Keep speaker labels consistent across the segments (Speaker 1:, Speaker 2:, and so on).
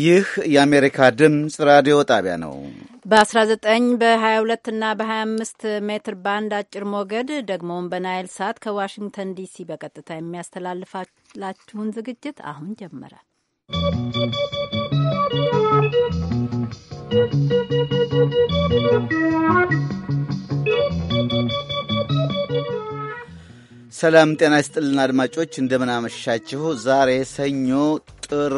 Speaker 1: ይህ የአሜሪካ ድምፅ ራዲዮ ጣቢያ ነው።
Speaker 2: በ19 በ22 እና በ25 ሜትር ባንድ አጭር ሞገድ ደግሞም በናይል ሳት ከዋሽንግተን ዲሲ በቀጥታ የሚያስተላልፋላችሁን ዝግጅት አሁን ጀመረ።
Speaker 1: ሰላም ጤና ይስጥልን አድማጮች፣ እንደምናመሻችሁ። ዛሬ ሰኞ ጥር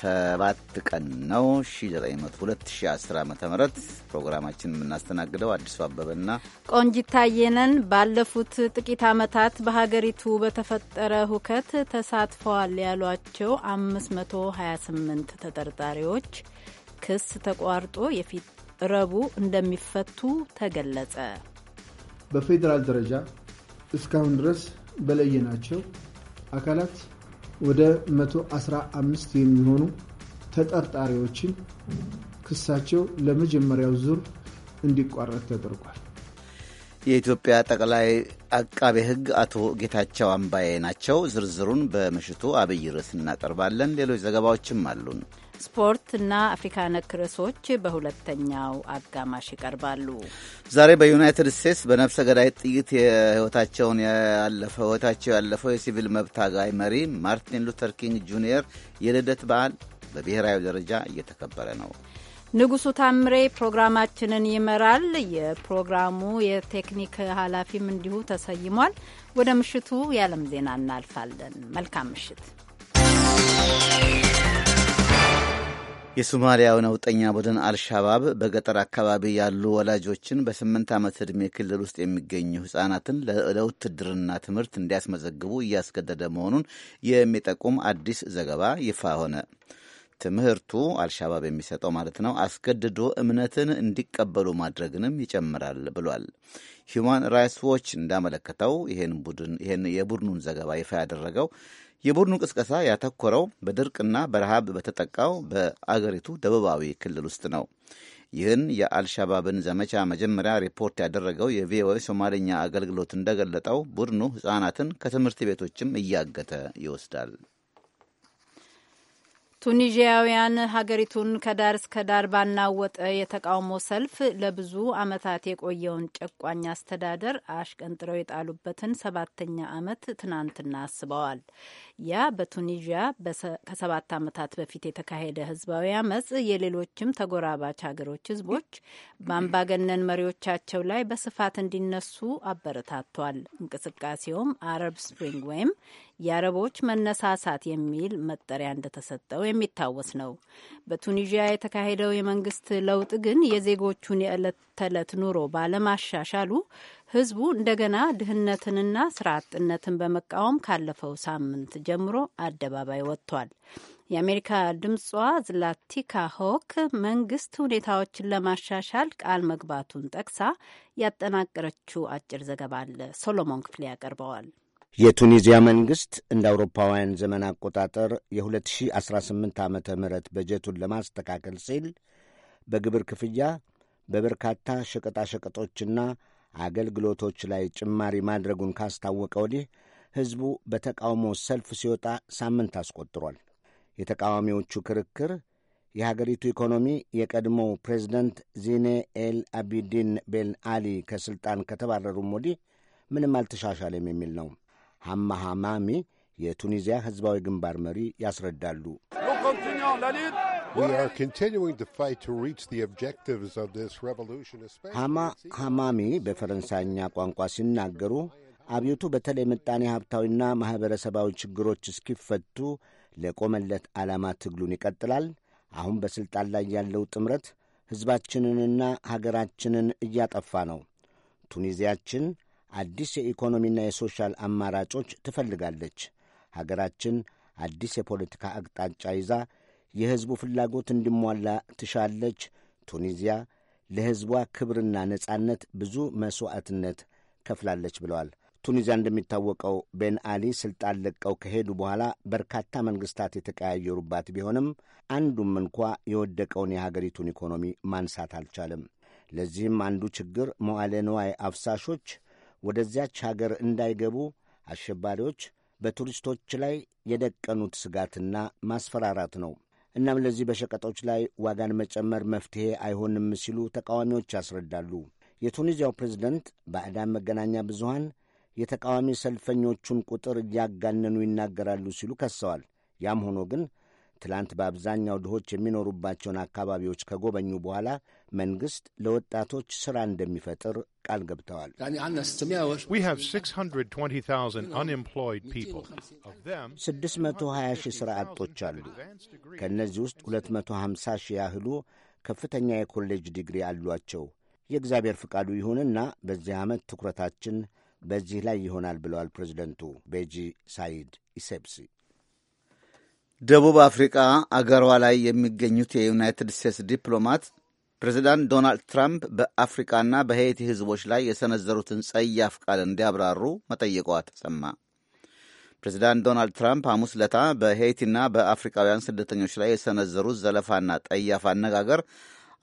Speaker 1: ሰባት ቀን ነው 2010 ዓ ም ፕሮግራማችን የምናስተናግደው አዲሱ አበበና
Speaker 2: ቆንጂታየነን ባለፉት ጥቂት ዓመታት በሀገሪቱ በተፈጠረ ሁከት ተሳትፈዋል ያሏቸው 528 ተጠርጣሪዎች ክስ ተቋርጦ የፊት ረቡዕ እንደሚፈቱ ተገለጸ።
Speaker 3: በፌዴራል ደረጃ እስካሁን ድረስ በለየናቸው አካላት ወደ 115 የሚሆኑ ተጠርጣሪዎችን ክሳቸው ለመጀመሪያው ዙር እንዲቋረጥ ተደርጓል።
Speaker 1: የኢትዮጵያ ጠቅላይ አቃቤ ሕግ አቶ ጌታቸው አምባዬ ናቸው። ዝርዝሩን በምሽቱ አብይ ርዕስ እናቀርባለን። ሌሎች ዘገባዎችም አሉን።
Speaker 2: እና አፍሪካ ነክ ርዕሶች በሁለተኛው አጋማሽ ይቀርባሉ።
Speaker 1: ዛሬ በዩናይትድ ስቴትስ በነፍሰ ገዳይ ጥይት የህይወታቸውን ያለፈው ህይወታቸው ያለፈው የሲቪል መብት አጋይ መሪ ማርቲን ሉተር ኪንግ ጁኒየር የልደት በዓል በብሔራዊ ደረጃ እየተከበረ ነው።
Speaker 2: ንጉሱ ታምሬ ፕሮግራማችንን ይመራል። የፕሮግራሙ የቴክኒክ ኃላፊም እንዲሁ ተሰይሟል። ወደ ምሽቱ የዓለም ዜና እናልፋለን። መልካም ምሽት።
Speaker 1: የሶማሊያው ነውጠኛ ቡድን አልሻባብ በገጠር አካባቢ ያሉ ወላጆችን በስምንት ዓመት ዕድሜ ክልል ውስጥ የሚገኙ ሕፃናትን ለውትድርና ትምህርት እንዲያስመዘግቡ እያስገደደ መሆኑን የሚጠቁም አዲስ ዘገባ ይፋ ሆነ። ትምህርቱ አልሻባብ የሚሰጠው ማለት ነው፣ አስገድዶ እምነትን እንዲቀበሉ ማድረግንም ይጨምራል ብሏል። ሂዩማን ራይትስ ዎች እንዳመለከተው ይህን የቡድኑን ዘገባ ይፋ ያደረገው የቡድኑ ቅስቀሳ ያተኮረው በድርቅና በረሃብ በተጠቃው በአገሪቱ ደቡባዊ ክልል ውስጥ ነው። ይህን የአልሻባብን ዘመቻ መጀመሪያ ሪፖርት ያደረገው የቪኦኤ ሶማልኛ አገልግሎት እንደገለጠው ቡድኑ ሕጻናትን ከትምህርት ቤቶችም እያገተ ይወስዳል።
Speaker 2: ቱኒዥያውያን ሀገሪቱን ከዳር እስከ ዳር ባናወጠ የተቃውሞ ሰልፍ ለብዙ ዓመታት የቆየውን ጨቋኝ አስተዳደር አሽቀንጥረው የጣሉበትን ሰባተኛ ዓመት ትናንትና አስበዋል። ያ በቱኒዥያ ከሰባት ዓመታት በፊት የተካሄደ ህዝባዊ አመፅ የሌሎችም ተጎራባች ሀገሮች ህዝቦች በአምባገነን መሪዎቻቸው ላይ በስፋት እንዲነሱ አበረታቷል። እንቅስቃሴውም አረብ ስፕሪንግ ወይም የአረቦች መነሳሳት የሚል መጠሪያ እንደተሰጠው የሚታወስ ነው። በቱኒዥያ የተካሄደው የመንግስት ለውጥ ግን የዜጎቹን የዕለት ተዕለት ኑሮ ባለማሻሻሉ ህዝቡ እንደገና ድህነትንና ስራ አጥነትን በመቃወም ካለፈው ሳምንት ጀምሮ አደባባይ ወጥቷል። የአሜሪካ ድምጿ ዝላቲካ ሆክ መንግስት ሁኔታዎችን ለማሻሻል ቃል መግባቱን ጠቅሳ ያጠናቀረችው አጭር ዘገባ አለ። ሶሎሞን ክፍሌ ያቀርበዋል።
Speaker 4: የቱኒዚያ መንግስት እንደ አውሮፓውያን ዘመን አቆጣጠር የ2018 ዓ ም በጀቱን ለማስተካከል ሲል በግብር ክፍያ በበርካታ ሸቀጣሸቀጦችና አገልግሎቶች ላይ ጭማሪ ማድረጉን ካስታወቀ ወዲህ ሕዝቡ በተቃውሞ ሰልፍ ሲወጣ ሳምንት አስቆጥሯል። የተቃዋሚዎቹ ክርክር የሀገሪቱ ኢኮኖሚ የቀድሞው ፕሬዚደንት ዚኔ ኤል አቢዲን ቤን አሊ ከሥልጣን ከተባረሩም ወዲህ ምንም አልተሻሻለም የሚል ነው። ሐማሃማሚ የቱኒዚያ ሕዝባዊ ግንባር መሪ ያስረዳሉ። ሃማ ሃማሚ በፈረንሳይኛ ቋንቋ ሲናገሩ አብዮቱ በተለይ ምጣኔ ሀብታዊና ማኅበረሰባዊ ችግሮች እስኪፈቱ ለቆመለት ዓላማ ትግሉን ይቀጥላል። አሁን በሥልጣን ላይ ያለው ጥምረት ሕዝባችንንና ሀገራችንን እያጠፋ ነው። ቱኒዚያችን አዲስ የኢኮኖሚና የሶሻል አማራጮች ትፈልጋለች። ሀገራችን አዲስ የፖለቲካ አቅጣጫ ይዛ የሕዝቡ ፍላጎት እንዲሟላ ትሻለች። ቱኒዚያ ለሕዝቧ ክብርና ነጻነት ብዙ መሥዋዕትነት ከፍላለች ብለዋል። ቱኒዚያ እንደሚታወቀው ቤን አሊ ሥልጣን ለቀው ከሄዱ በኋላ በርካታ መንግሥታት የተቀያየሩባት ቢሆንም አንዱም እንኳ የወደቀውን የሀገሪቱን ኢኮኖሚ ማንሳት አልቻለም። ለዚህም አንዱ ችግር መዋለ ንዋይ አፍሳሾች ወደዚያች ሀገር እንዳይገቡ አሸባሪዎች በቱሪስቶች ላይ የደቀኑት ስጋትና ማስፈራራት ነው። እናም ለዚህ በሸቀጦች ላይ ዋጋን መጨመር መፍትሄ አይሆንም ሲሉ ተቃዋሚዎች ያስረዳሉ። የቱኒዚያው ፕሬዝደንት ባዕዳን መገናኛ ብዙሃን የተቃዋሚ ሰልፈኞቹን ቁጥር እያጋነኑ ይናገራሉ ሲሉ ከሰዋል። ያም ሆኖ ግን ትላንት በአብዛኛው ድሆች የሚኖሩባቸውን አካባቢዎች ከጎበኙ በኋላ መንግሥት ለወጣቶች ሥራ እንደሚፈጥር ቃል ገብተዋል። ስድስት መቶ ሀያ ሺህ ሥራ አጦች አሉ። ከእነዚህ ውስጥ ሁለት መቶ ሀምሳ ሺህ ያህሉ ከፍተኛ የኮሌጅ ዲግሪ አሏቸው። የእግዚአብሔር ፍቃዱ ይሁንና በዚህ ዓመት ትኩረታችን በዚህ ላይ ይሆናል ብለዋል ፕሬዚደንቱ ቤጂ ሳይድ ኢሴብሲ። ደቡብ አፍሪቃ አገሯ ላይ የሚገኙት የዩናይትድ
Speaker 1: ስቴትስ ዲፕሎማት ፕሬዚዳንት ዶናልድ ትራምፕ በአፍሪቃና በሄይቲ ህዝቦች ላይ የሰነዘሩትን ጸያፍ ቃል እንዲያብራሩ መጠየቋ ተሰማ። ፕሬዚዳንት ዶናልድ ትራምፕ ሐሙስ ለታ በሄይቲና በአፍሪካውያን ስደተኞች ላይ የሰነዘሩት ዘለፋና ጠያፍ አነጋገር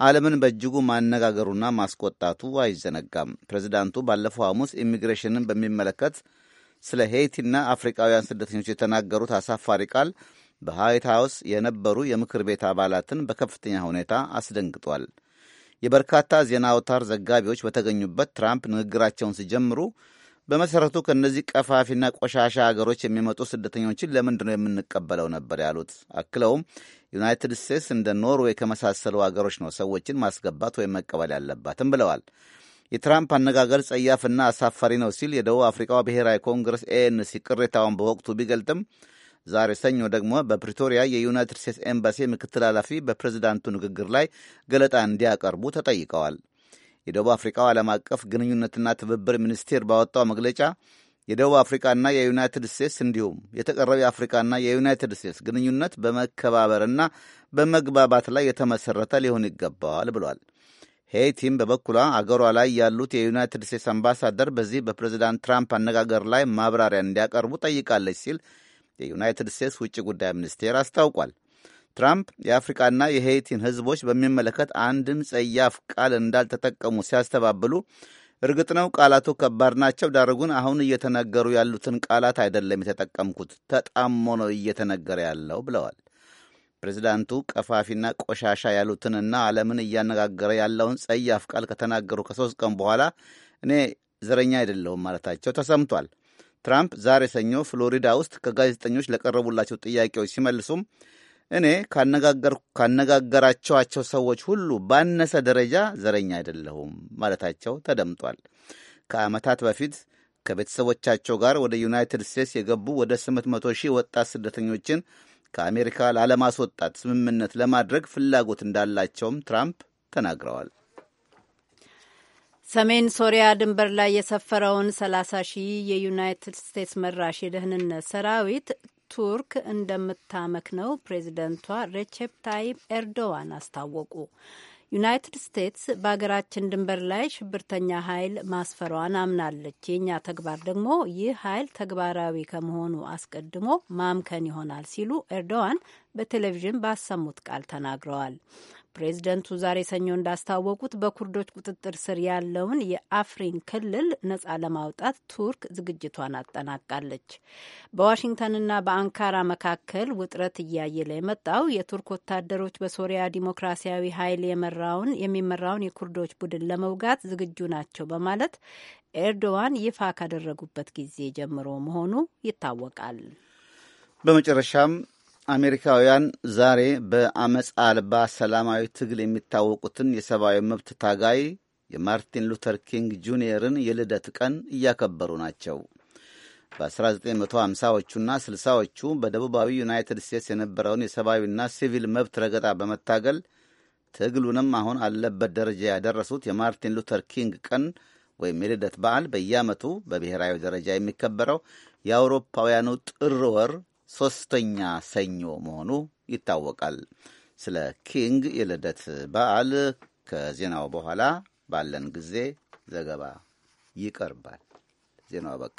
Speaker 1: ዓለምን በእጅጉ ማነጋገሩና ማስቆጣቱ አይዘነጋም። ፕሬዚዳንቱ ባለፈው ሐሙስ ኢሚግሬሽንን በሚመለከት ስለ ሄይቲና አፍሪካውያን ስደተኞች የተናገሩት አሳፋሪ ቃል በዋይት ሀውስ የነበሩ የምክር ቤት አባላትን በከፍተኛ ሁኔታ አስደንግጧል። የበርካታ ዜና አውታር ዘጋቢዎች በተገኙበት ትራምፕ ንግግራቸውን ሲጀምሩ በመሠረቱ ከእነዚህ ቀፋፊና ቆሻሻ አገሮች የሚመጡ ስደተኞችን ለምንድን ነው የምንቀበለው ነበር ያሉት። አክለውም ዩናይትድ ስቴትስ እንደ ኖርዌይ ከመሳሰሉ አገሮች ነው ሰዎችን ማስገባት ወይም መቀበል ያለባትም ብለዋል። የትራምፕ አነጋገር ጸያፍና አሳፋሪ ነው ሲል የደቡብ አፍሪካው ብሔራዊ ኮንግረስ ኤኤንሲ ቅሬታውን በወቅቱ ቢገልጥም ዛሬ ሰኞ ደግሞ በፕሪቶሪያ የዩናይትድ ስቴትስ ኤምባሲ ምክትል ኃላፊ በፕሬዚዳንቱ ንግግር ላይ ገለጣ እንዲያቀርቡ ተጠይቀዋል። የደቡብ አፍሪካው ዓለም አቀፍ ግንኙነትና ትብብር ሚኒስቴር ባወጣው መግለጫ የደቡብ አፍሪካና የዩናይትድ ስቴትስ እንዲሁም የተቀረው የአፍሪካና የዩናይትድ ስቴትስ ግንኙነት በመከባበርና በመግባባት ላይ የተመሠረተ ሊሆን ይገባዋል ብሏል። ሄይቲም በበኩሏ አገሯ ላይ ያሉት የዩናይትድ ስቴትስ አምባሳደር በዚህ በፕሬዚዳንት ትራምፕ አነጋገር ላይ ማብራሪያ እንዲያቀርቡ ጠይቃለች ሲል የዩናይትድ ስቴትስ ውጭ ጉዳይ ሚኒስቴር አስታውቋል። ትራምፕ የአፍሪቃና የሄይቲን ህዝቦች በሚመለከት አንድም ጸያፍ ቃል እንዳልተጠቀሙ ሲያስተባብሉ እርግጥ ነው ቃላቱ ከባድ ናቸው። ዳሩ ግን አሁን እየተነገሩ ያሉትን ቃላት አይደለም የተጠቀምኩት፣ ተጣሞ ነው እየተነገረ ያለው ብለዋል። ፕሬዚዳንቱ ቀፋፊና ቆሻሻ ያሉትንና ዓለምን እያነጋገረ ያለውን ጸያፍ ቃል ከተናገሩ ከሶስት ቀን በኋላ እኔ ዘረኛ አይደለሁም ማለታቸው ተሰምቷል። ትራምፕ ዛሬ ሰኞ ፍሎሪዳ ውስጥ ከጋዜጠኞች ለቀረቡላቸው ጥያቄዎች ሲመልሱም እኔ ካነጋገራቸዋቸው ሰዎች ሁሉ ባነሰ ደረጃ ዘረኛ አይደለሁም ማለታቸው ተደምጧል። ከዓመታት በፊት ከቤተሰቦቻቸው ጋር ወደ ዩናይትድ ስቴትስ የገቡ ወደ 800 ሺህ ወጣት ስደተኞችን ከአሜሪካ ላለማስወጣት ስምምነት ለማድረግ ፍላጎት እንዳላቸውም ትራምፕ ተናግረዋል።
Speaker 2: ሰሜን ሶሪያ ድንበር ላይ የሰፈረውን 30 ሺህ የዩናይትድ ስቴትስ መራሽ የደህንነት ሰራዊት ቱርክ እንደምታመክ ነው ፕሬዚደንቷ ሬቼፕ ታይፕ ኤርዶዋን አስታወቁ። ዩናይትድ ስቴትስ በሀገራችን ድንበር ላይ ሽብርተኛ ኃይል ማስፈሯን አምናለች። የእኛ ተግባር ደግሞ ይህ ኃይል ተግባራዊ ከመሆኑ አስቀድሞ ማምከን ይሆናል ሲሉ ኤርዶዋን በቴሌቪዥን ባሰሙት ቃል ተናግረዋል። ፕሬዚደንቱ ዛሬ ሰኞ እንዳስታወቁት በኩርዶች ቁጥጥር ስር ያለውን የአፍሪን ክልል ነጻ ለማውጣት ቱርክ ዝግጅቷን አጠናቃለች። በዋሽንግተንና በአንካራ መካከል ውጥረት እያየለ የመጣው የቱርክ ወታደሮች በሶሪያ ዲሞክራሲያዊ ኃይል የመራውን የሚመራውን የኩርዶች ቡድን ለመውጋት ዝግጁ ናቸው በማለት ኤርዶዋን ይፋ ካደረጉበት ጊዜ ጀምሮ መሆኑ ይታወቃል።
Speaker 1: በመጨረሻም አሜሪካውያን ዛሬ በአመፅ አልባ ሰላማዊ ትግል የሚታወቁትን የሰብአዊ መብት ታጋይ የማርቲን ሉተር ኪንግ ጁኒየርን የልደት ቀን እያከበሩ ናቸው። በ1950ዎቹና 60ዎቹ በደቡባዊ ዩናይትድ ስቴትስ የነበረውን የሰብአዊና ሲቪል መብት ረገጣ በመታገል ትግሉንም አሁን አለበት ደረጃ ያደረሱት የማርቲን ሉተር ኪንግ ቀን ወይም የልደት በዓል በየዓመቱ በብሔራዊ ደረጃ የሚከበረው የአውሮፓውያኑ ጥር ወር ሶስተኛ ሰኞ መሆኑ ይታወቃል። ስለ ኪንግ የልደት በዓል ከዜናው በኋላ ባለን ጊዜ ዘገባ ይቀርባል። ዜናው በቃ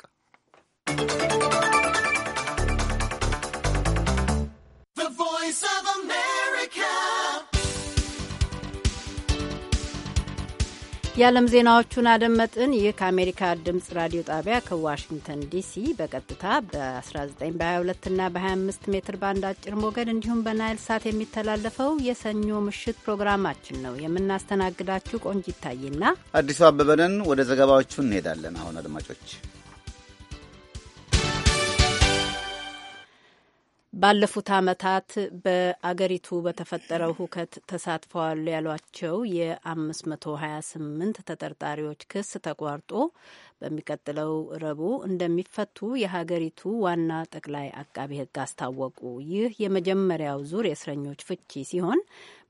Speaker 2: የዓለም ዜናዎቹን አደመጥን። ይህ ከአሜሪካ ድምፅ ራዲዮ ጣቢያ ከዋሽንግተን ዲሲ በቀጥታ በ19 በ22ና በ25 ሜትር ባንድ አጭር ሞገድ እንዲሁም በናይል ሳት የሚተላለፈው የሰኞ ምሽት ፕሮግራማችን ነው። የምናስተናግዳችሁ ቆንጅ ይታይና
Speaker 1: አዲሱ አበበንን። ወደ ዘገባዎቹ እንሄዳለን። አሁን አድማጮች
Speaker 2: ባለፉት ዓመታት በአገሪቱ በተፈጠረው ሁከት ተሳትፈዋል ያሏቸው የ528 ተጠርጣሪዎች ክስ ተቋርጦ በሚቀጥለው ረቡዕ እንደሚፈቱ የሀገሪቱ ዋና ጠቅላይ አቃቢ ሕግ አስታወቁ። ይህ የመጀመሪያው ዙር የእስረኞች ፍቺ ሲሆን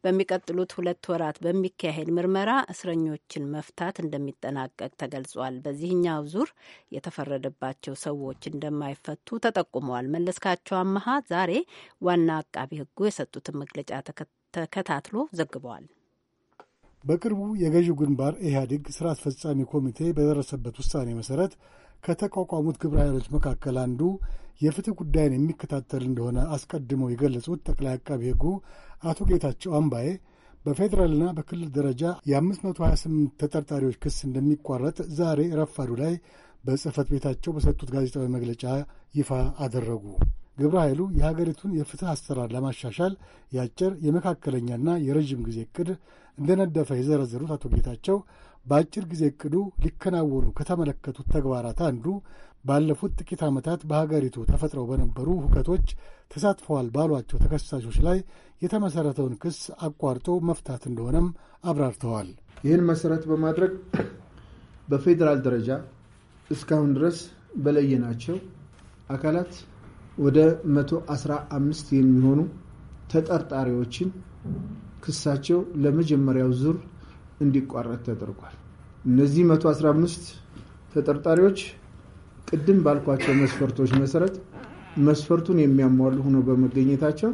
Speaker 2: በሚቀጥሉት ሁለት ወራት በሚካሄድ ምርመራ እስረኞችን መፍታት እንደሚጠናቀቅ ተገልጿል። በዚህኛው ዙር የተፈረደባቸው ሰዎች እንደማይፈቱ ተጠቁመዋል። መለስካቸው አመሃ ዛሬ ዋና አቃቢ ሕጉ የሰጡትን መግለጫ ተከታትሎ ዘግበዋል።
Speaker 5: በቅርቡ የገዢው ግንባር ኢህአዴግ ስራ አስፈጻሚ ኮሚቴ በደረሰበት ውሳኔ መሰረት ከተቋቋሙት ግብረ ኃይሎች መካከል አንዱ የፍትህ ጉዳይን የሚከታተል እንደሆነ አስቀድመው የገለጹት ጠቅላይ አቃቢ ሕጉ አቶ ጌታቸው አምባዬ በፌዴራልና በክልል ደረጃ የ528 ተጠርጣሪዎች ክስ እንደሚቋረጥ ዛሬ ረፋዱ ላይ በጽህፈት ቤታቸው በሰጡት ጋዜጣዊ መግለጫ ይፋ አደረጉ። ግብረ ኃይሉ የሀገሪቱን የፍትህ አሰራር ለማሻሻል የአጭር የመካከለኛና የረዥም ጊዜ እቅድ እንደነደፈ የዘረዘሩት አቶ ጌታቸው በአጭር ጊዜ እቅዱ ሊከናወኑ ከተመለከቱት ተግባራት አንዱ ባለፉት ጥቂት ዓመታት በሀገሪቱ ተፈጥረው በነበሩ ሁከቶች ተሳትፈዋል ባሏቸው ተከሳሾች ላይ የተመሠረተውን ክስ አቋርጦ
Speaker 3: መፍታት እንደሆነም አብራርተዋል። ይህን መሠረት በማድረግ በፌዴራል ደረጃ እስካሁን ድረስ በለየናቸው አካላት ወደ 115 የሚሆኑ ተጠርጣሪዎችን ክሳቸው ለመጀመሪያው ዙር እንዲቋረጥ ተደርጓል። እነዚህ 115 ተጠርጣሪዎች ቅድም ባልኳቸው መስፈርቶች መሰረት መስፈርቱን የሚያሟሉ ሆነው በመገኘታቸው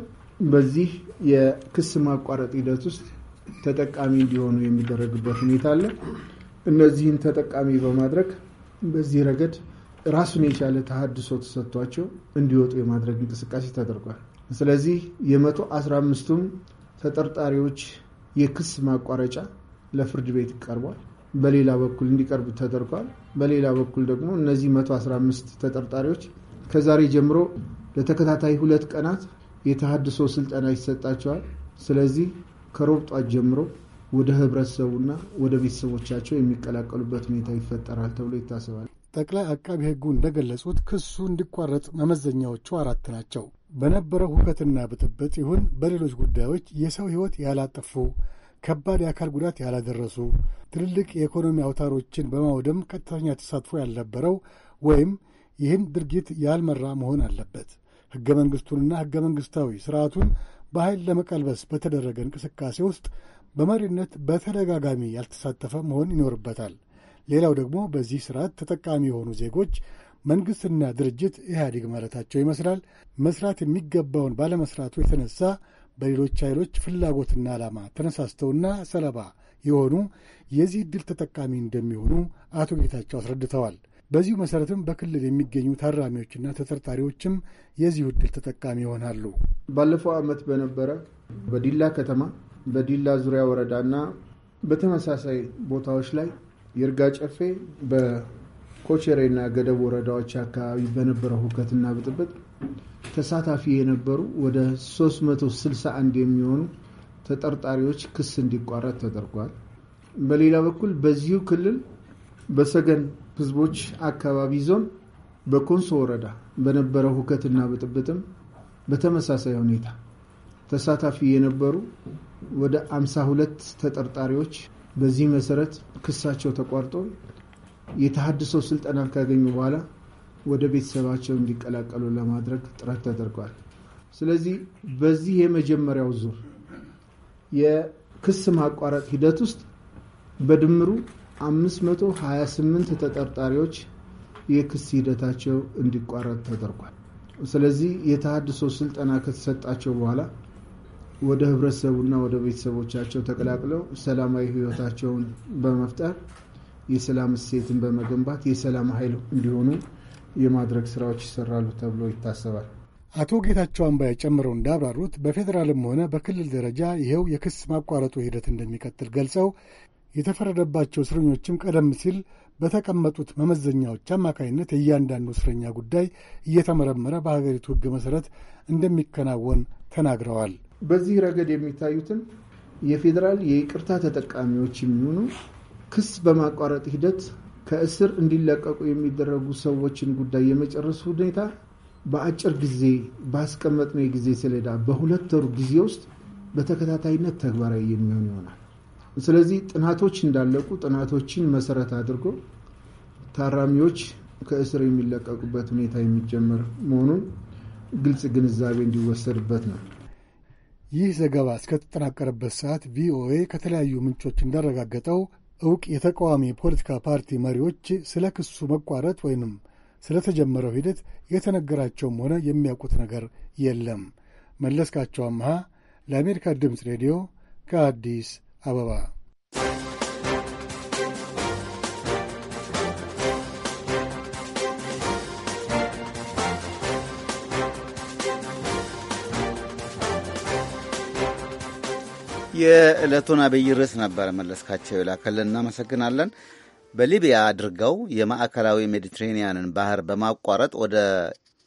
Speaker 3: በዚህ የክስ ማቋረጥ ሂደት ውስጥ ተጠቃሚ እንዲሆኑ የሚደረግበት ሁኔታ አለ። እነዚህን ተጠቃሚ በማድረግ በዚህ ረገድ ራሱን የቻለ ተሃድሶ ተሰጥቷቸው እንዲወጡ የማድረግ እንቅስቃሴ ተደርጓል። ስለዚህ የመቶ አስራ አምስቱም ተጠርጣሪዎች የክስ ማቋረጫ ለፍርድ ቤት ቀርቧል። በሌላ በኩል እንዲቀርቡ ተደርጓል። በሌላ በኩል ደግሞ እነዚህ 115 ተጠርጣሪዎች ከዛሬ ጀምሮ ለተከታታይ ሁለት ቀናት የተሃድሶ ስልጠና ይሰጣቸዋል። ስለዚህ ከሮብ ጧት ጀምሮ ወደ ህብረተሰቡና ወደ ቤተሰቦቻቸው የሚቀላቀሉበት ሁኔታ ይፈጠራል ተብሎ ይታሰባል። ጠቅላይ አቃቢ ህጉ እንደገለጹት ክሱ እንዲቋረጥ መመዘኛዎቹ አራት
Speaker 5: ናቸው። በነበረው ሁከትና ብጥብጥ ይሁን በሌሎች ጉዳዮች የሰው ህይወት ያላጠፉ ከባድ የአካል ጉዳት ያላደረሱ፣ ትልልቅ የኢኮኖሚ አውታሮችን በማውደም ቀጥተኛ ተሳትፎ ያልነበረው ወይም ይህን ድርጊት ያልመራ መሆን አለበት። ሕገ መንግሥቱንና ሕገ መንግሥታዊ ሥርዓቱን በኃይል ለመቀልበስ በተደረገ እንቅስቃሴ ውስጥ በመሪነት በተደጋጋሚ ያልተሳተፈ መሆን ይኖርበታል። ሌላው ደግሞ በዚህ ስርዓት ተጠቃሚ የሆኑ ዜጎች መንግሥትና ድርጅት ኢህአዴግ ማለታቸው ይመስላል መስራት የሚገባውን ባለመስራቱ የተነሳ በሌሎች ኃይሎች ፍላጎትና ዓላማ ተነሳስተውና ሰለባ የሆኑ የዚህ ዕድል ተጠቃሚ እንደሚሆኑ አቶ ጌታቸው አስረድተዋል። በዚሁ መሰረትም በክልል የሚገኙ ታራሚዎችና ተጠርጣሪዎችም የዚሁ
Speaker 3: ዕድል ተጠቃሚ ይሆናሉ። ባለፈው ዓመት በነበረ በዲላ ከተማ በዲላ ዙሪያ ወረዳና በተመሳሳይ ቦታዎች ላይ ይርጋ ጨፌ በኮቸሬና ገደብ ወረዳዎች አካባቢ በነበረው ሁከትና ብጥብጥ ተሳታፊ የነበሩ ወደ 361 የሚሆኑ ተጠርጣሪዎች ክስ እንዲቋረጥ ተደርጓል። በሌላ በኩል በዚሁ ክልል በሰገን ህዝቦች አካባቢ ዞን በኮንሶ ወረዳ በነበረው ሁከትና ብጥብጥም በተመሳሳይ ሁኔታ ተሳታፊ የነበሩ ወደ 52 ተጠርጣሪዎች በዚህ መሰረት ክሳቸው ተቋርጦ የተሀድሰው ስልጠና ካገኙ በኋላ ወደ ቤተሰባቸው እንዲቀላቀሉ ለማድረግ ጥረት ተደርጓል። ስለዚህ በዚህ የመጀመሪያው ዙር የክስ ማቋረጥ ሂደት ውስጥ በድምሩ 528 ተጠርጣሪዎች የክስ ሂደታቸው እንዲቋረጥ ተደርጓል። ስለዚህ የተሃድሶ ስልጠና ከተሰጣቸው በኋላ ወደ ህብረተሰቡና ወደ ቤተሰቦቻቸው ተቀላቅለው ሰላማዊ ህይወታቸውን በመፍጠር የሰላም እሴትን በመገንባት የሰላም ኃይል እንዲሆኑ የማድረግ ስራዎች ይሰራሉ ተብሎ ይታሰባል። አቶ ጌታቸው
Speaker 5: አምባዬ ጨምረው እንዳብራሩት በፌዴራልም ሆነ በክልል ደረጃ ይኸው የክስ ማቋረጡ ሂደት እንደሚቀጥል ገልጸው የተፈረደባቸው እስረኞችም ቀደም ሲል በተቀመጡት መመዘኛዎች አማካኝነት የእያንዳንዱ እስረኛ ጉዳይ እየተመረመረ በሀገሪቱ ሕግ መሠረት
Speaker 3: እንደሚከናወን ተናግረዋል። በዚህ ረገድ የሚታዩትን የፌዴራል የይቅርታ ተጠቃሚዎች የሚሆኑ ክስ በማቋረጥ ሂደት ከእስር እንዲለቀቁ የሚደረጉ ሰዎችን ጉዳይ የመጨረስ ሁኔታ በአጭር ጊዜ ባስቀመጥነው የጊዜ ሰሌዳ በሁለት ወሩ ጊዜ ውስጥ በተከታታይነት ተግባራዊ የሚሆን ይሆናል። ስለዚህ ጥናቶች እንዳለቁ ጥናቶችን መሰረት አድርጎ ታራሚዎች ከእስር የሚለቀቁበት ሁኔታ የሚጀመር መሆኑን ግልጽ ግንዛቤ እንዲወሰድበት ነው። ይህ ዘገባ እስከተጠናቀረበት ሰዓት
Speaker 5: ቪኦኤ ከተለያዩ ምንጮች እንዳረጋገጠው እውቅ የተቃዋሚ የፖለቲካ ፓርቲ መሪዎች ስለ ክሱ መቋረጥ ወይንም ስለተጀመረው ሂደት የተነገራቸውም ሆነ የሚያውቁት ነገር የለም። መለስካቸው አምሃ ለአሜሪካ ድምፅ ሬዲዮ ከአዲስ አበባ
Speaker 1: የዕለቱን አብይ ርዕስ ነበር መለስካቸው ይላከልን። እናመሰግናለን። በሊቢያ አድርገው የማዕከላዊ ሜዲትሬኒያንን ባህር በማቋረጥ ወደ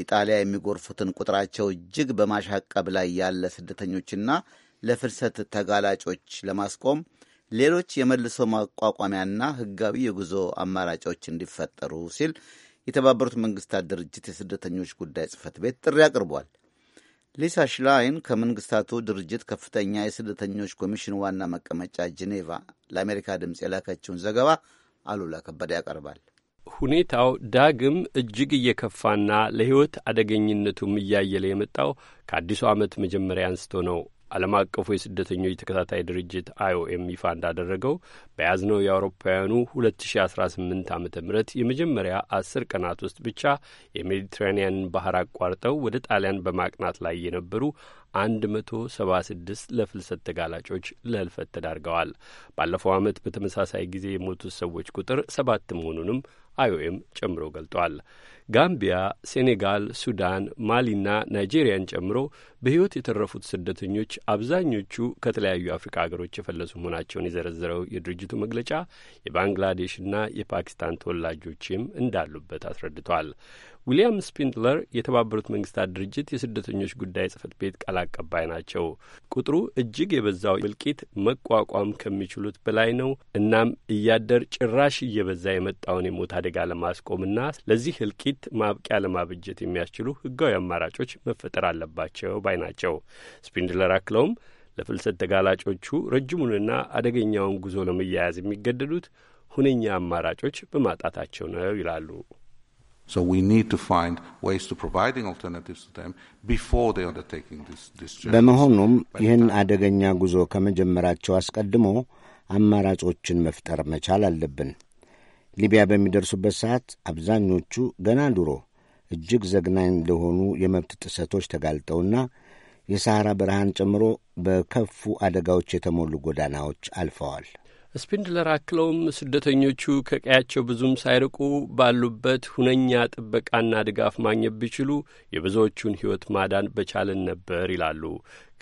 Speaker 1: ኢጣሊያ የሚጎርፉትን ቁጥራቸው እጅግ በማሻቀብ ላይ ያለ ስደተኞችና ለፍልሰት ተጋላጮች ለማስቆም ሌሎች የመልሶ ማቋቋሚያና ሕጋዊ የጉዞ አማራጮች እንዲፈጠሩ ሲል የተባበሩት መንግስታት ድርጅት የስደተኞች ጉዳይ ጽህፈት ቤት ጥሪ አቅርቧል። ሊሳ ሽላይን ከመንግስታቱ ድርጅት ከፍተኛ የስደተኞች ኮሚሽን ዋና መቀመጫ ጄኔቫ ለአሜሪካ ድምፅ የላከችውን ዘገባ አሉላ ከበደ ያቀርባል።
Speaker 6: ሁኔታው ዳግም እጅግ እየከፋና ለሕይወት አደገኝነቱም እያየለ የመጣው ከአዲሱ ዓመት መጀመሪያ አንስቶ ነው። ዓለም አቀፉ የስደተኞች ተከታታይ ድርጅት አይኦኤም ይፋ እንዳደረገው በያዝነው የአውሮፓውያኑ 2018 ዓ ም የመጀመሪያ አስር ቀናት ውስጥ ብቻ የሜዲትራኒያን ባህር አቋርጠው ወደ ጣሊያን በማቅናት ላይ የነበሩ 176 ለፍልሰት ተጋላጮች ለህልፈት ተዳርገዋል። ባለፈው ዓመት በተመሳሳይ ጊዜ የሞቱት ሰዎች ቁጥር ሰባት መሆኑንም አይኦኤም ጨምሮ ገልጧል። ጋምቢያ፣ ሴኔጋል፣ ሱዳን፣ ማሊና ናይጄሪያን ጨምሮ በሕይወት የተረፉት ስደተኞች አብዛኞቹ ከተለያዩ አፍሪካ ሀገሮች የፈለሱ መሆናቸውን የዘረዘረው የድርጅቱ መግለጫ የባንግላዴሽና የፓኪስታን ተወላጆችም እንዳሉበት አስረድቷል። ዊልያም ስፒንድለር የተባበሩት መንግስታት ድርጅት የስደተኞች ጉዳይ ጽህፈት ቤት ቃል አቀባይ ናቸው። ቁጥሩ እጅግ የበዛው እልቂት መቋቋም ከሚችሉት በላይ ነው። እናም እያደር ጭራሽ እየበዛ የመጣውን የሞት አደጋ ለማስቆምና ለዚህ እልቂት ማብቂያ ለማብጀት የሚያስችሉ ህጋዊ አማራጮች መፈጠር አለባቸው ባይ ናቸው። ስፒንድለር አክለውም ለፍልሰት ተጋላጮቹ ረጅሙንና አደገኛውን ጉዞ ለመያያዝ የሚገደዱት ሁነኛ አማራጮች በማጣታቸው ነው ይላሉ። So we need to find ways to providing alternatives to them
Speaker 7: before they undertaking this, this journey. በመሆኑም
Speaker 4: ይህን አደገኛ ጉዞ ከመጀመራቸው አስቀድሞ አማራጮችን መፍጠር መቻል አለብን። ሊቢያ በሚደርሱበት ሰዓት አብዛኞቹ ገና ድሮ እጅግ ዘግናኝ ለሆኑ የመብት ጥሰቶች ተጋልጠውና የሰሐራ በረሃን ጨምሮ በከፉ አደጋዎች የተሞሉ ጎዳናዎች አልፈዋል።
Speaker 6: ስፒንድለር አክለውም ስደተኞቹ ከቀያቸው ብዙም ሳይርቁ ባሉበት ሁነኛ ጥበቃና ድጋፍ ማግኘት ቢችሉ የብዙዎቹን ሕይወት ማዳን በቻልን ነበር ይላሉ።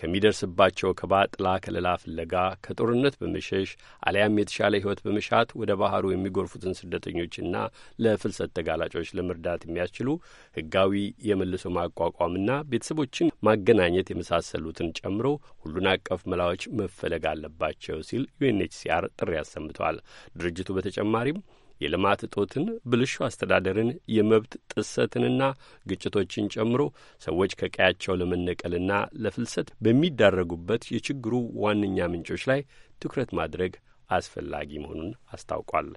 Speaker 6: ከሚደርስባቸው ከባጥላ ከለላ ፍለጋ ከጦርነት በመሸሽ አሊያም የተሻለ ሕይወት በመሻት ወደ ባህሩ የሚጎርፉትን ስደተኞችና ለፍልሰት ተጋላጮች ለመርዳት የሚያስችሉ ሕጋዊ የመልሶ ማቋቋምና ቤተሰቦችን ማገናኘት የመሳሰሉትን ጨምሮ ሁሉን አቀፍ መላዎች መፈለግ አለባቸው ሲል ዩኤንኤችሲአር ጥሪ አሰምቷል። ድርጅቱ በተጨማሪም የልማት እጦትን፣ ብልሹ አስተዳደርን፣ የመብት ጥሰትንና ግጭቶችን ጨምሮ ሰዎች ከቀያቸው ለመነቀልና ለፍልሰት በሚዳረጉበት የችግሩ ዋነኛ ምንጮች ላይ ትኩረት ማድረግ አስፈላጊ መሆኑን አስታውቋል።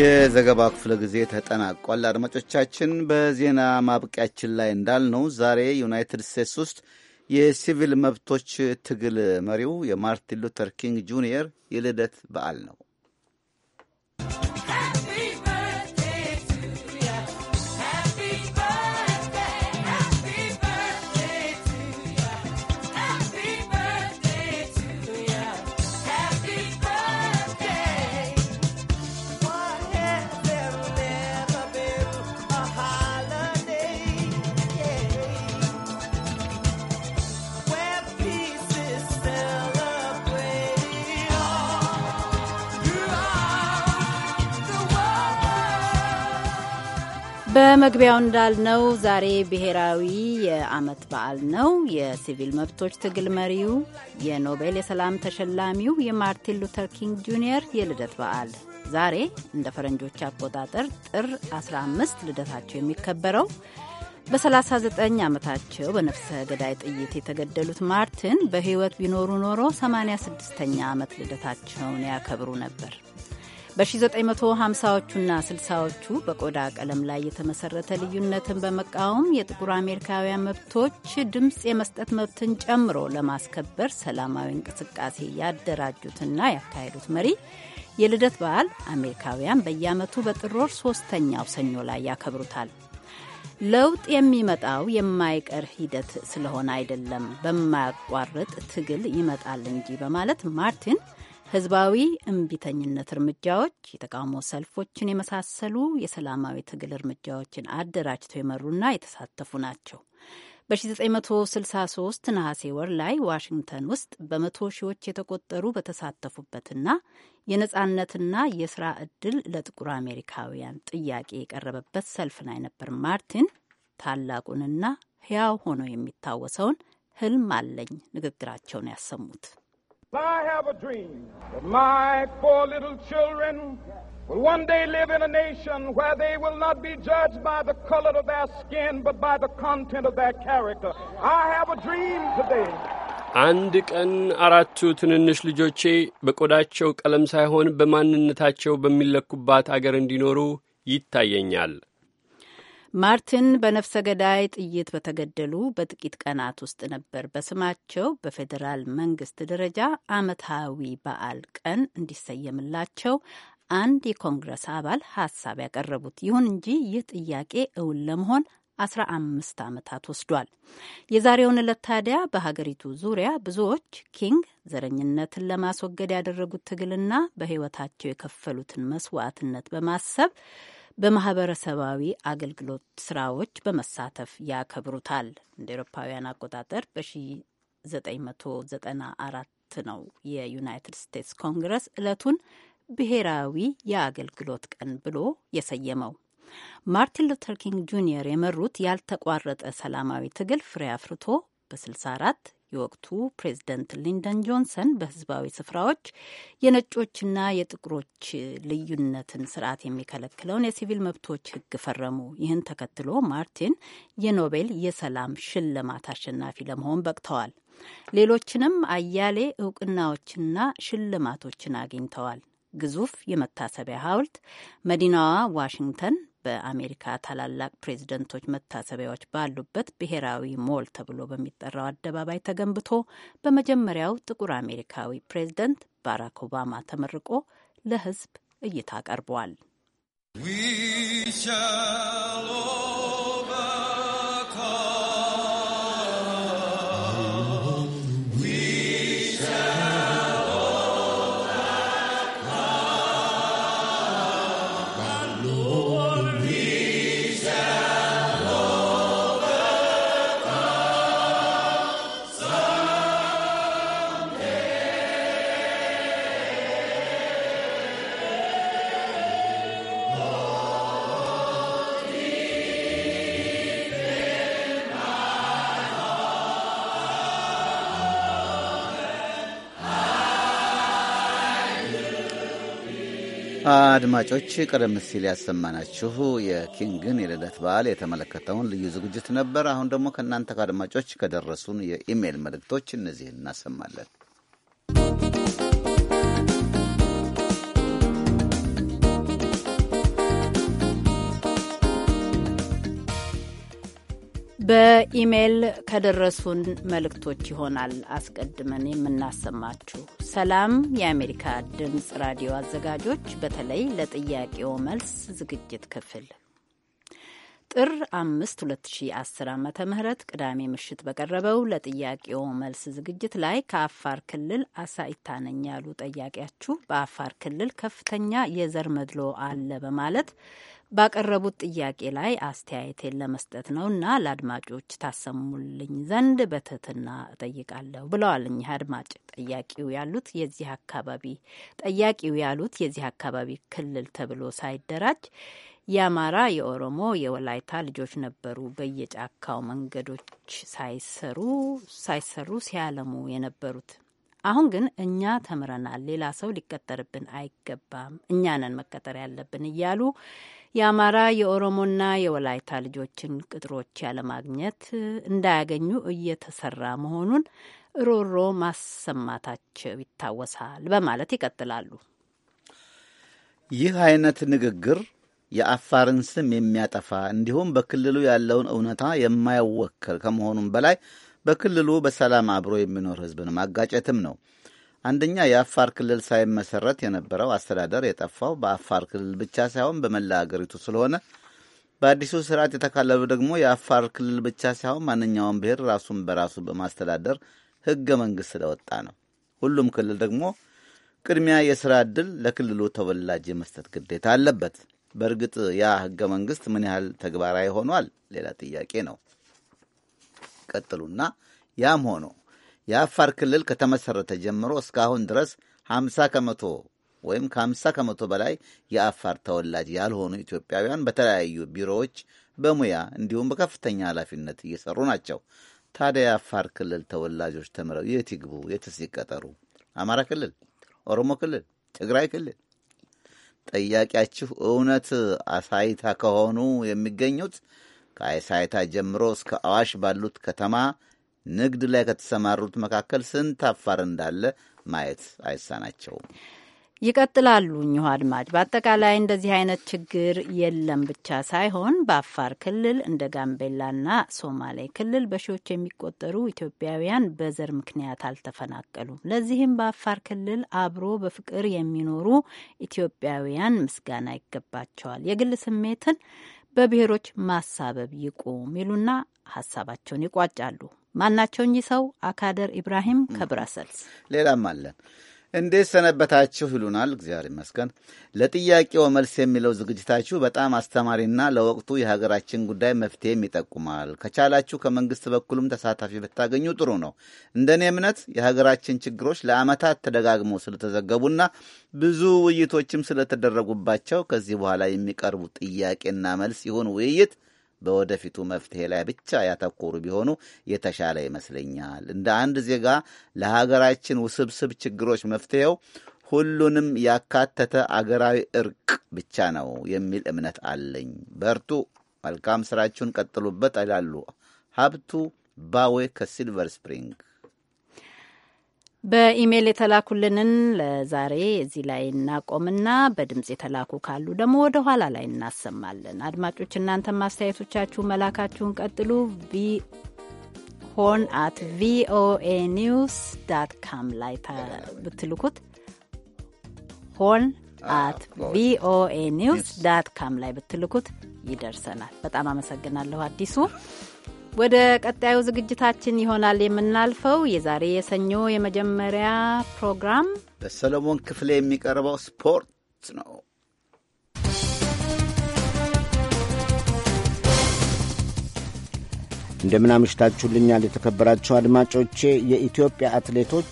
Speaker 1: የዘገባው ክፍለ ጊዜ ተጠናቋል። አድማጮቻችን፣ በዜና ማብቂያችን ላይ እንዳልነው ዛሬ ዩናይትድ ስቴትስ ውስጥ የሲቪል መብቶች ትግል መሪው የማርቲን ሉተር ኪንግ ጁኒየር የልደት በዓል ነው።
Speaker 2: በመግቢያው እንዳልነው ዛሬ ብሔራዊ የአመት በዓል ነው። የሲቪል መብቶች ትግል መሪው የኖቤል የሰላም ተሸላሚው የማርቲን ሉተር ኪንግ ጁኒየር የልደት በዓል ዛሬ እንደ ፈረንጆች አቆጣጠር ጥር 15 ልደታቸው የሚከበረው በ39 ዓመታቸው በነፍሰ ገዳይ ጥይት የተገደሉት ማርቲን በሕይወት ቢኖሩ ኖሮ 86ኛ ዓመት ልደታቸውን ያከብሩ ነበር። በ1950ዎቹና 60ዎቹ በቆዳ ቀለም ላይ የተመሰረተ ልዩነትን በመቃወም የጥቁር አሜሪካውያን መብቶች ድምፅ የመስጠት መብትን ጨምሮ ለማስከበር ሰላማዊ እንቅስቃሴ ያደራጁትና ያካሄዱት መሪ የልደት በዓል አሜሪካውያን በየዓመቱ በጥር ወር ሶስተኛው ሰኞ ላይ ያከብሩታል። ለውጥ የሚመጣው የማይቀር ሂደት ስለሆነ አይደለም፣ በማያቋርጥ ትግል ይመጣል እንጂ በማለት ማርቲን ህዝባዊ እምቢተኝነት እርምጃዎች፣ የተቃውሞ ሰልፎችን የመሳሰሉ የሰላማዊ ትግል እርምጃዎችን አደራጅተው የመሩና የተሳተፉ ናቸው። በ1963 ነሐሴ ወር ላይ ዋሽንግተን ውስጥ በመቶ ሺዎች የተቆጠሩ በተሳተፉበትና የነጻነትና የስራ ዕድል ለጥቁር አሜሪካውያን ጥያቄ የቀረበበት ሰልፍ ላይ ነበር ማርቲን ታላቁንና ሕያው ሆኖ የሚታወሰውን ህልም አለኝ ንግግራቸውን ያሰሙት።
Speaker 8: I have a dream that my four little children will one day live in a nation where they will not be judged by the color of their skin, but by the content of their character. I have a dream today.
Speaker 6: አንድ ቀን አራቱ ትንንሽ ልጆቼ በቆዳቸው ቀለም ሳይሆን በማንነታቸው በሚለኩባት አገር እንዲኖሩ ይታየኛል።
Speaker 2: ማርቲን በነፍሰ ገዳይ ጥይት በተገደሉ በጥቂት ቀናት ውስጥ ነበር በስማቸው በፌዴራል መንግስት ደረጃ ዓመታዊ በዓል ቀን እንዲሰየምላቸው አንድ የኮንግረስ አባል ሀሳብ ያቀረቡት። ይሁን እንጂ ይህ ጥያቄ እውን ለመሆን አስራ አምስት ዓመታት ወስዷል። የዛሬውን ዕለት ታዲያ በሀገሪቱ ዙሪያ ብዙዎች ኪንግ ዘረኝነትን ለማስወገድ ያደረጉት ትግልና በሕይወታቸው የከፈሉትን መስዋዕትነት በማሰብ በማህበረሰባዊ አገልግሎት ስራዎች በመሳተፍ ያከብሩታል። እንደ ኤሮፓውያን አቆጣጠር በ1994 ነው የዩናይትድ ስቴትስ ኮንግረስ ዕለቱን ብሔራዊ የአገልግሎት ቀን ብሎ የሰየመው። ማርቲን ሉተር ኪንግ ጁኒየር የመሩት ያልተቋረጠ ሰላማዊ ትግል ፍሬ አፍርቶ በ64 የወቅቱ ፕሬዝደንት ሊንደን ጆንሰን በህዝባዊ ስፍራዎች የነጮችና የጥቁሮች ልዩነትን ስርዓት የሚከለክለውን የሲቪል መብቶች ህግ ፈረሙ። ይህን ተከትሎ ማርቲን የኖቤል የሰላም ሽልማት አሸናፊ ለመሆን በቅተዋል። ሌሎችንም አያሌ እውቅናዎችና ሽልማቶችን አግኝተዋል። ግዙፍ የመታሰቢያ ሐውልት መዲናዋ ዋሽንግተን በአሜሪካ ታላላቅ ፕሬዝደንቶች መታሰቢያዎች ባሉበት ብሔራዊ ሞል ተብሎ በሚጠራው አደባባይ ተገንብቶ በመጀመሪያው ጥቁር አሜሪካዊ ፕሬዝደንት ባራክ ኦባማ ተመርቆ ለሕዝብ እይታ ቀርቧል።
Speaker 1: አድማጮች ቀደም ሲል ያሰማናችሁ የኪንግን የልደት በዓል የተመለከተውን ልዩ ዝግጅት ነበር። አሁን ደግሞ ከእናንተ ከአድማጮች ከደረሱን የኢሜይል መልእክቶች እነዚህን እናሰማለን።
Speaker 2: በኢሜል ከደረሱን መልእክቶች ይሆናል አስቀድመን የምናሰማችሁ። ሰላም የአሜሪካ ድምፅ ራዲዮ አዘጋጆች፣ በተለይ ለጥያቄው መልስ ዝግጅት ክፍል ጥር 5 2010 ዓ ም ቅዳሜ ምሽት በቀረበው ለጥያቄው መልስ ዝግጅት ላይ ከአፋር ክልል አሳይታ ነኝ ያሉ ጠያቂያችሁ በአፋር ክልል ከፍተኛ የዘር መድሎ አለ በማለት ባቀረቡት ጥያቄ ላይ አስተያየቴን ለመስጠት እና ለአድማጮች ታሰሙልኝ ዘንድ በትህትና እጠይቃለሁ ብለዋል። እኚህ አድማጭ ጠያቂው ያሉት የዚህ አካባቢ ጠያቂው ያሉት የዚህ አካባቢ ክልል ተብሎ ሳይደራጅ የአማራ፣ የኦሮሞ፣ የወላይታ ልጆች ነበሩ በየጫካው መንገዶች ሳይሰሩ ሳይሰሩ ሲያለሙ የነበሩት። አሁን ግን እኛ ተምረናል፣ ሌላ ሰው ሊቀጠርብን አይገባም፣ እኛ ነን መቀጠር ያለብን እያሉ የአማራ የኦሮሞና የወላይታ ልጆችን ቅጥሮች ያለማግኘት እንዳያገኙ እየተሰራ መሆኑን ሮሮ ማሰማታቸው ይታወሳል በማለት ይቀጥላሉ።
Speaker 1: ይህ አይነት ንግግር የአፋርን ስም የሚያጠፋ እንዲሁም በክልሉ ያለውን እውነታ የማይወክል ከመሆኑም በላይ በክልሉ በሰላም አብሮ የሚኖር ሕዝብን ማጋጨትም ነው። አንደኛ የአፋር ክልል ሳይመሰረት የነበረው አስተዳደር የጠፋው በአፋር ክልል ብቻ ሳይሆን በመላ አገሪቱ ስለሆነ በአዲሱ ስርዓት የተካለሉ ደግሞ የአፋር ክልል ብቻ ሳይሆን ማንኛውም ብሔር ራሱን በራሱ በማስተዳደር ህገ መንግስት ስለወጣ ነው። ሁሉም ክልል ደግሞ ቅድሚያ የስራ ዕድል ለክልሉ ተወላጅ የመስጠት ግዴታ አለበት። በእርግጥ ያ ህገ መንግስት ምን ያህል ተግባራዊ ሆኗል ሌላ ጥያቄ ነው። ቀጥሉና ያም ሆኖ የአፋር ክልል ከተመሠረተ ጀምሮ እስካሁን ድረስ 50 ከመቶ ወይም ከ50 ከመቶ በላይ የአፋር ተወላጅ ያልሆኑ ኢትዮጵያውያን በተለያዩ ቢሮዎች በሙያ እንዲሁም በከፍተኛ ኃላፊነት እየሰሩ ናቸው። ታዲያ የአፋር ክልል ተወላጆች ተምረው የት ይግቡ? የትስ ይቀጠሩ? አማራ ክልል፣ ኦሮሞ ክልል፣ ትግራይ ክልል ጠያቂያችሁ እውነት አሳይታ ከሆኑ የሚገኙት ከአሳይታ ጀምሮ እስከ አዋሽ ባሉት ከተማ ንግድ ላይ ከተሰማሩት መካከል ስንት አፋር እንዳለ ማየት አይሳናቸውም።
Speaker 2: ይቀጥላሉ እኚሁ አድማጭ። በአጠቃላይ እንደዚህ አይነት ችግር የለም ብቻ ሳይሆን በአፋር ክልል እንደ ጋምቤላና ሶማሌ ክልል በሺዎች የሚቆጠሩ ኢትዮጵያውያን በዘር ምክንያት አልተፈናቀሉም። ለዚህም በአፋር ክልል አብሮ በፍቅር የሚኖሩ ኢትዮጵያውያን ምስጋና ይገባቸዋል። የግል ስሜትን በብሔሮች ማሳበብ ይቁም ይሉና ሀሳባቸውን ይቋጫሉ። ማናቸው እኚህ ሰው? አካደር ኢብራሂም
Speaker 1: ከብራሰልስ። ሌላም አለን። እንዴት ሰነበታችሁ ይሉናል። እግዚአብሔር ይመስገን። ለጥያቄው መልስ የሚለው ዝግጅታችሁ በጣም አስተማሪና ለወቅቱ የሀገራችን ጉዳይ መፍትሄም ይጠቁማል። ከቻላችሁ ከመንግስት በኩልም ተሳታፊ ብታገኙ ጥሩ ነው። እንደኔ እምነት የሀገራችን ችግሮች ለአመታት ተደጋግመው ስለተዘገቡና ብዙ ውይይቶችም ስለተደረጉባቸው ከዚህ በኋላ የሚቀርቡ ጥያቄና መልስ ይሁን ውይይት በወደፊቱ መፍትሄ ላይ ብቻ ያተኮሩ ቢሆኑ የተሻለ ይመስለኛል። እንደ አንድ ዜጋ ለሀገራችን ውስብስብ ችግሮች መፍትሄው ሁሉንም ያካተተ አገራዊ እርቅ ብቻ ነው የሚል እምነት አለኝ። በርቱ፣ መልካም ስራችሁን ቀጥሉበት ይላሉ ሀብቱ ባዌ ከሲልቨር ስፕሪንግ
Speaker 2: በኢሜይል የተላኩልንን ለዛሬ እዚህ ላይ እናቆምና በድምፅ የተላኩ ካሉ ደግሞ ወደ ኋላ ላይ እናሰማለን። አድማጮች እናንተም ማስተያየቶቻችሁ መላካችሁን ቀጥሉ። ሆን አት ቪኦኤ ኒውስ ዳት ካም ላይ ብትልኩት ሆን አት ቪኦኤ ኒውስ ዳት ካም ላይ ብትልኩት ይደርሰናል። በጣም አመሰግናለሁ አዲሱ። ወደ ቀጣዩ ዝግጅታችን ይሆናል የምናልፈው። የዛሬ የሰኞ የመጀመሪያ ፕሮግራም
Speaker 1: በሰለሞን ክፍሌ የሚቀርበው ስፖርት ነው።
Speaker 4: እንደምናምሽታችሁልኛል የተከበራችሁ አድማጮቼ። የኢትዮጵያ አትሌቶች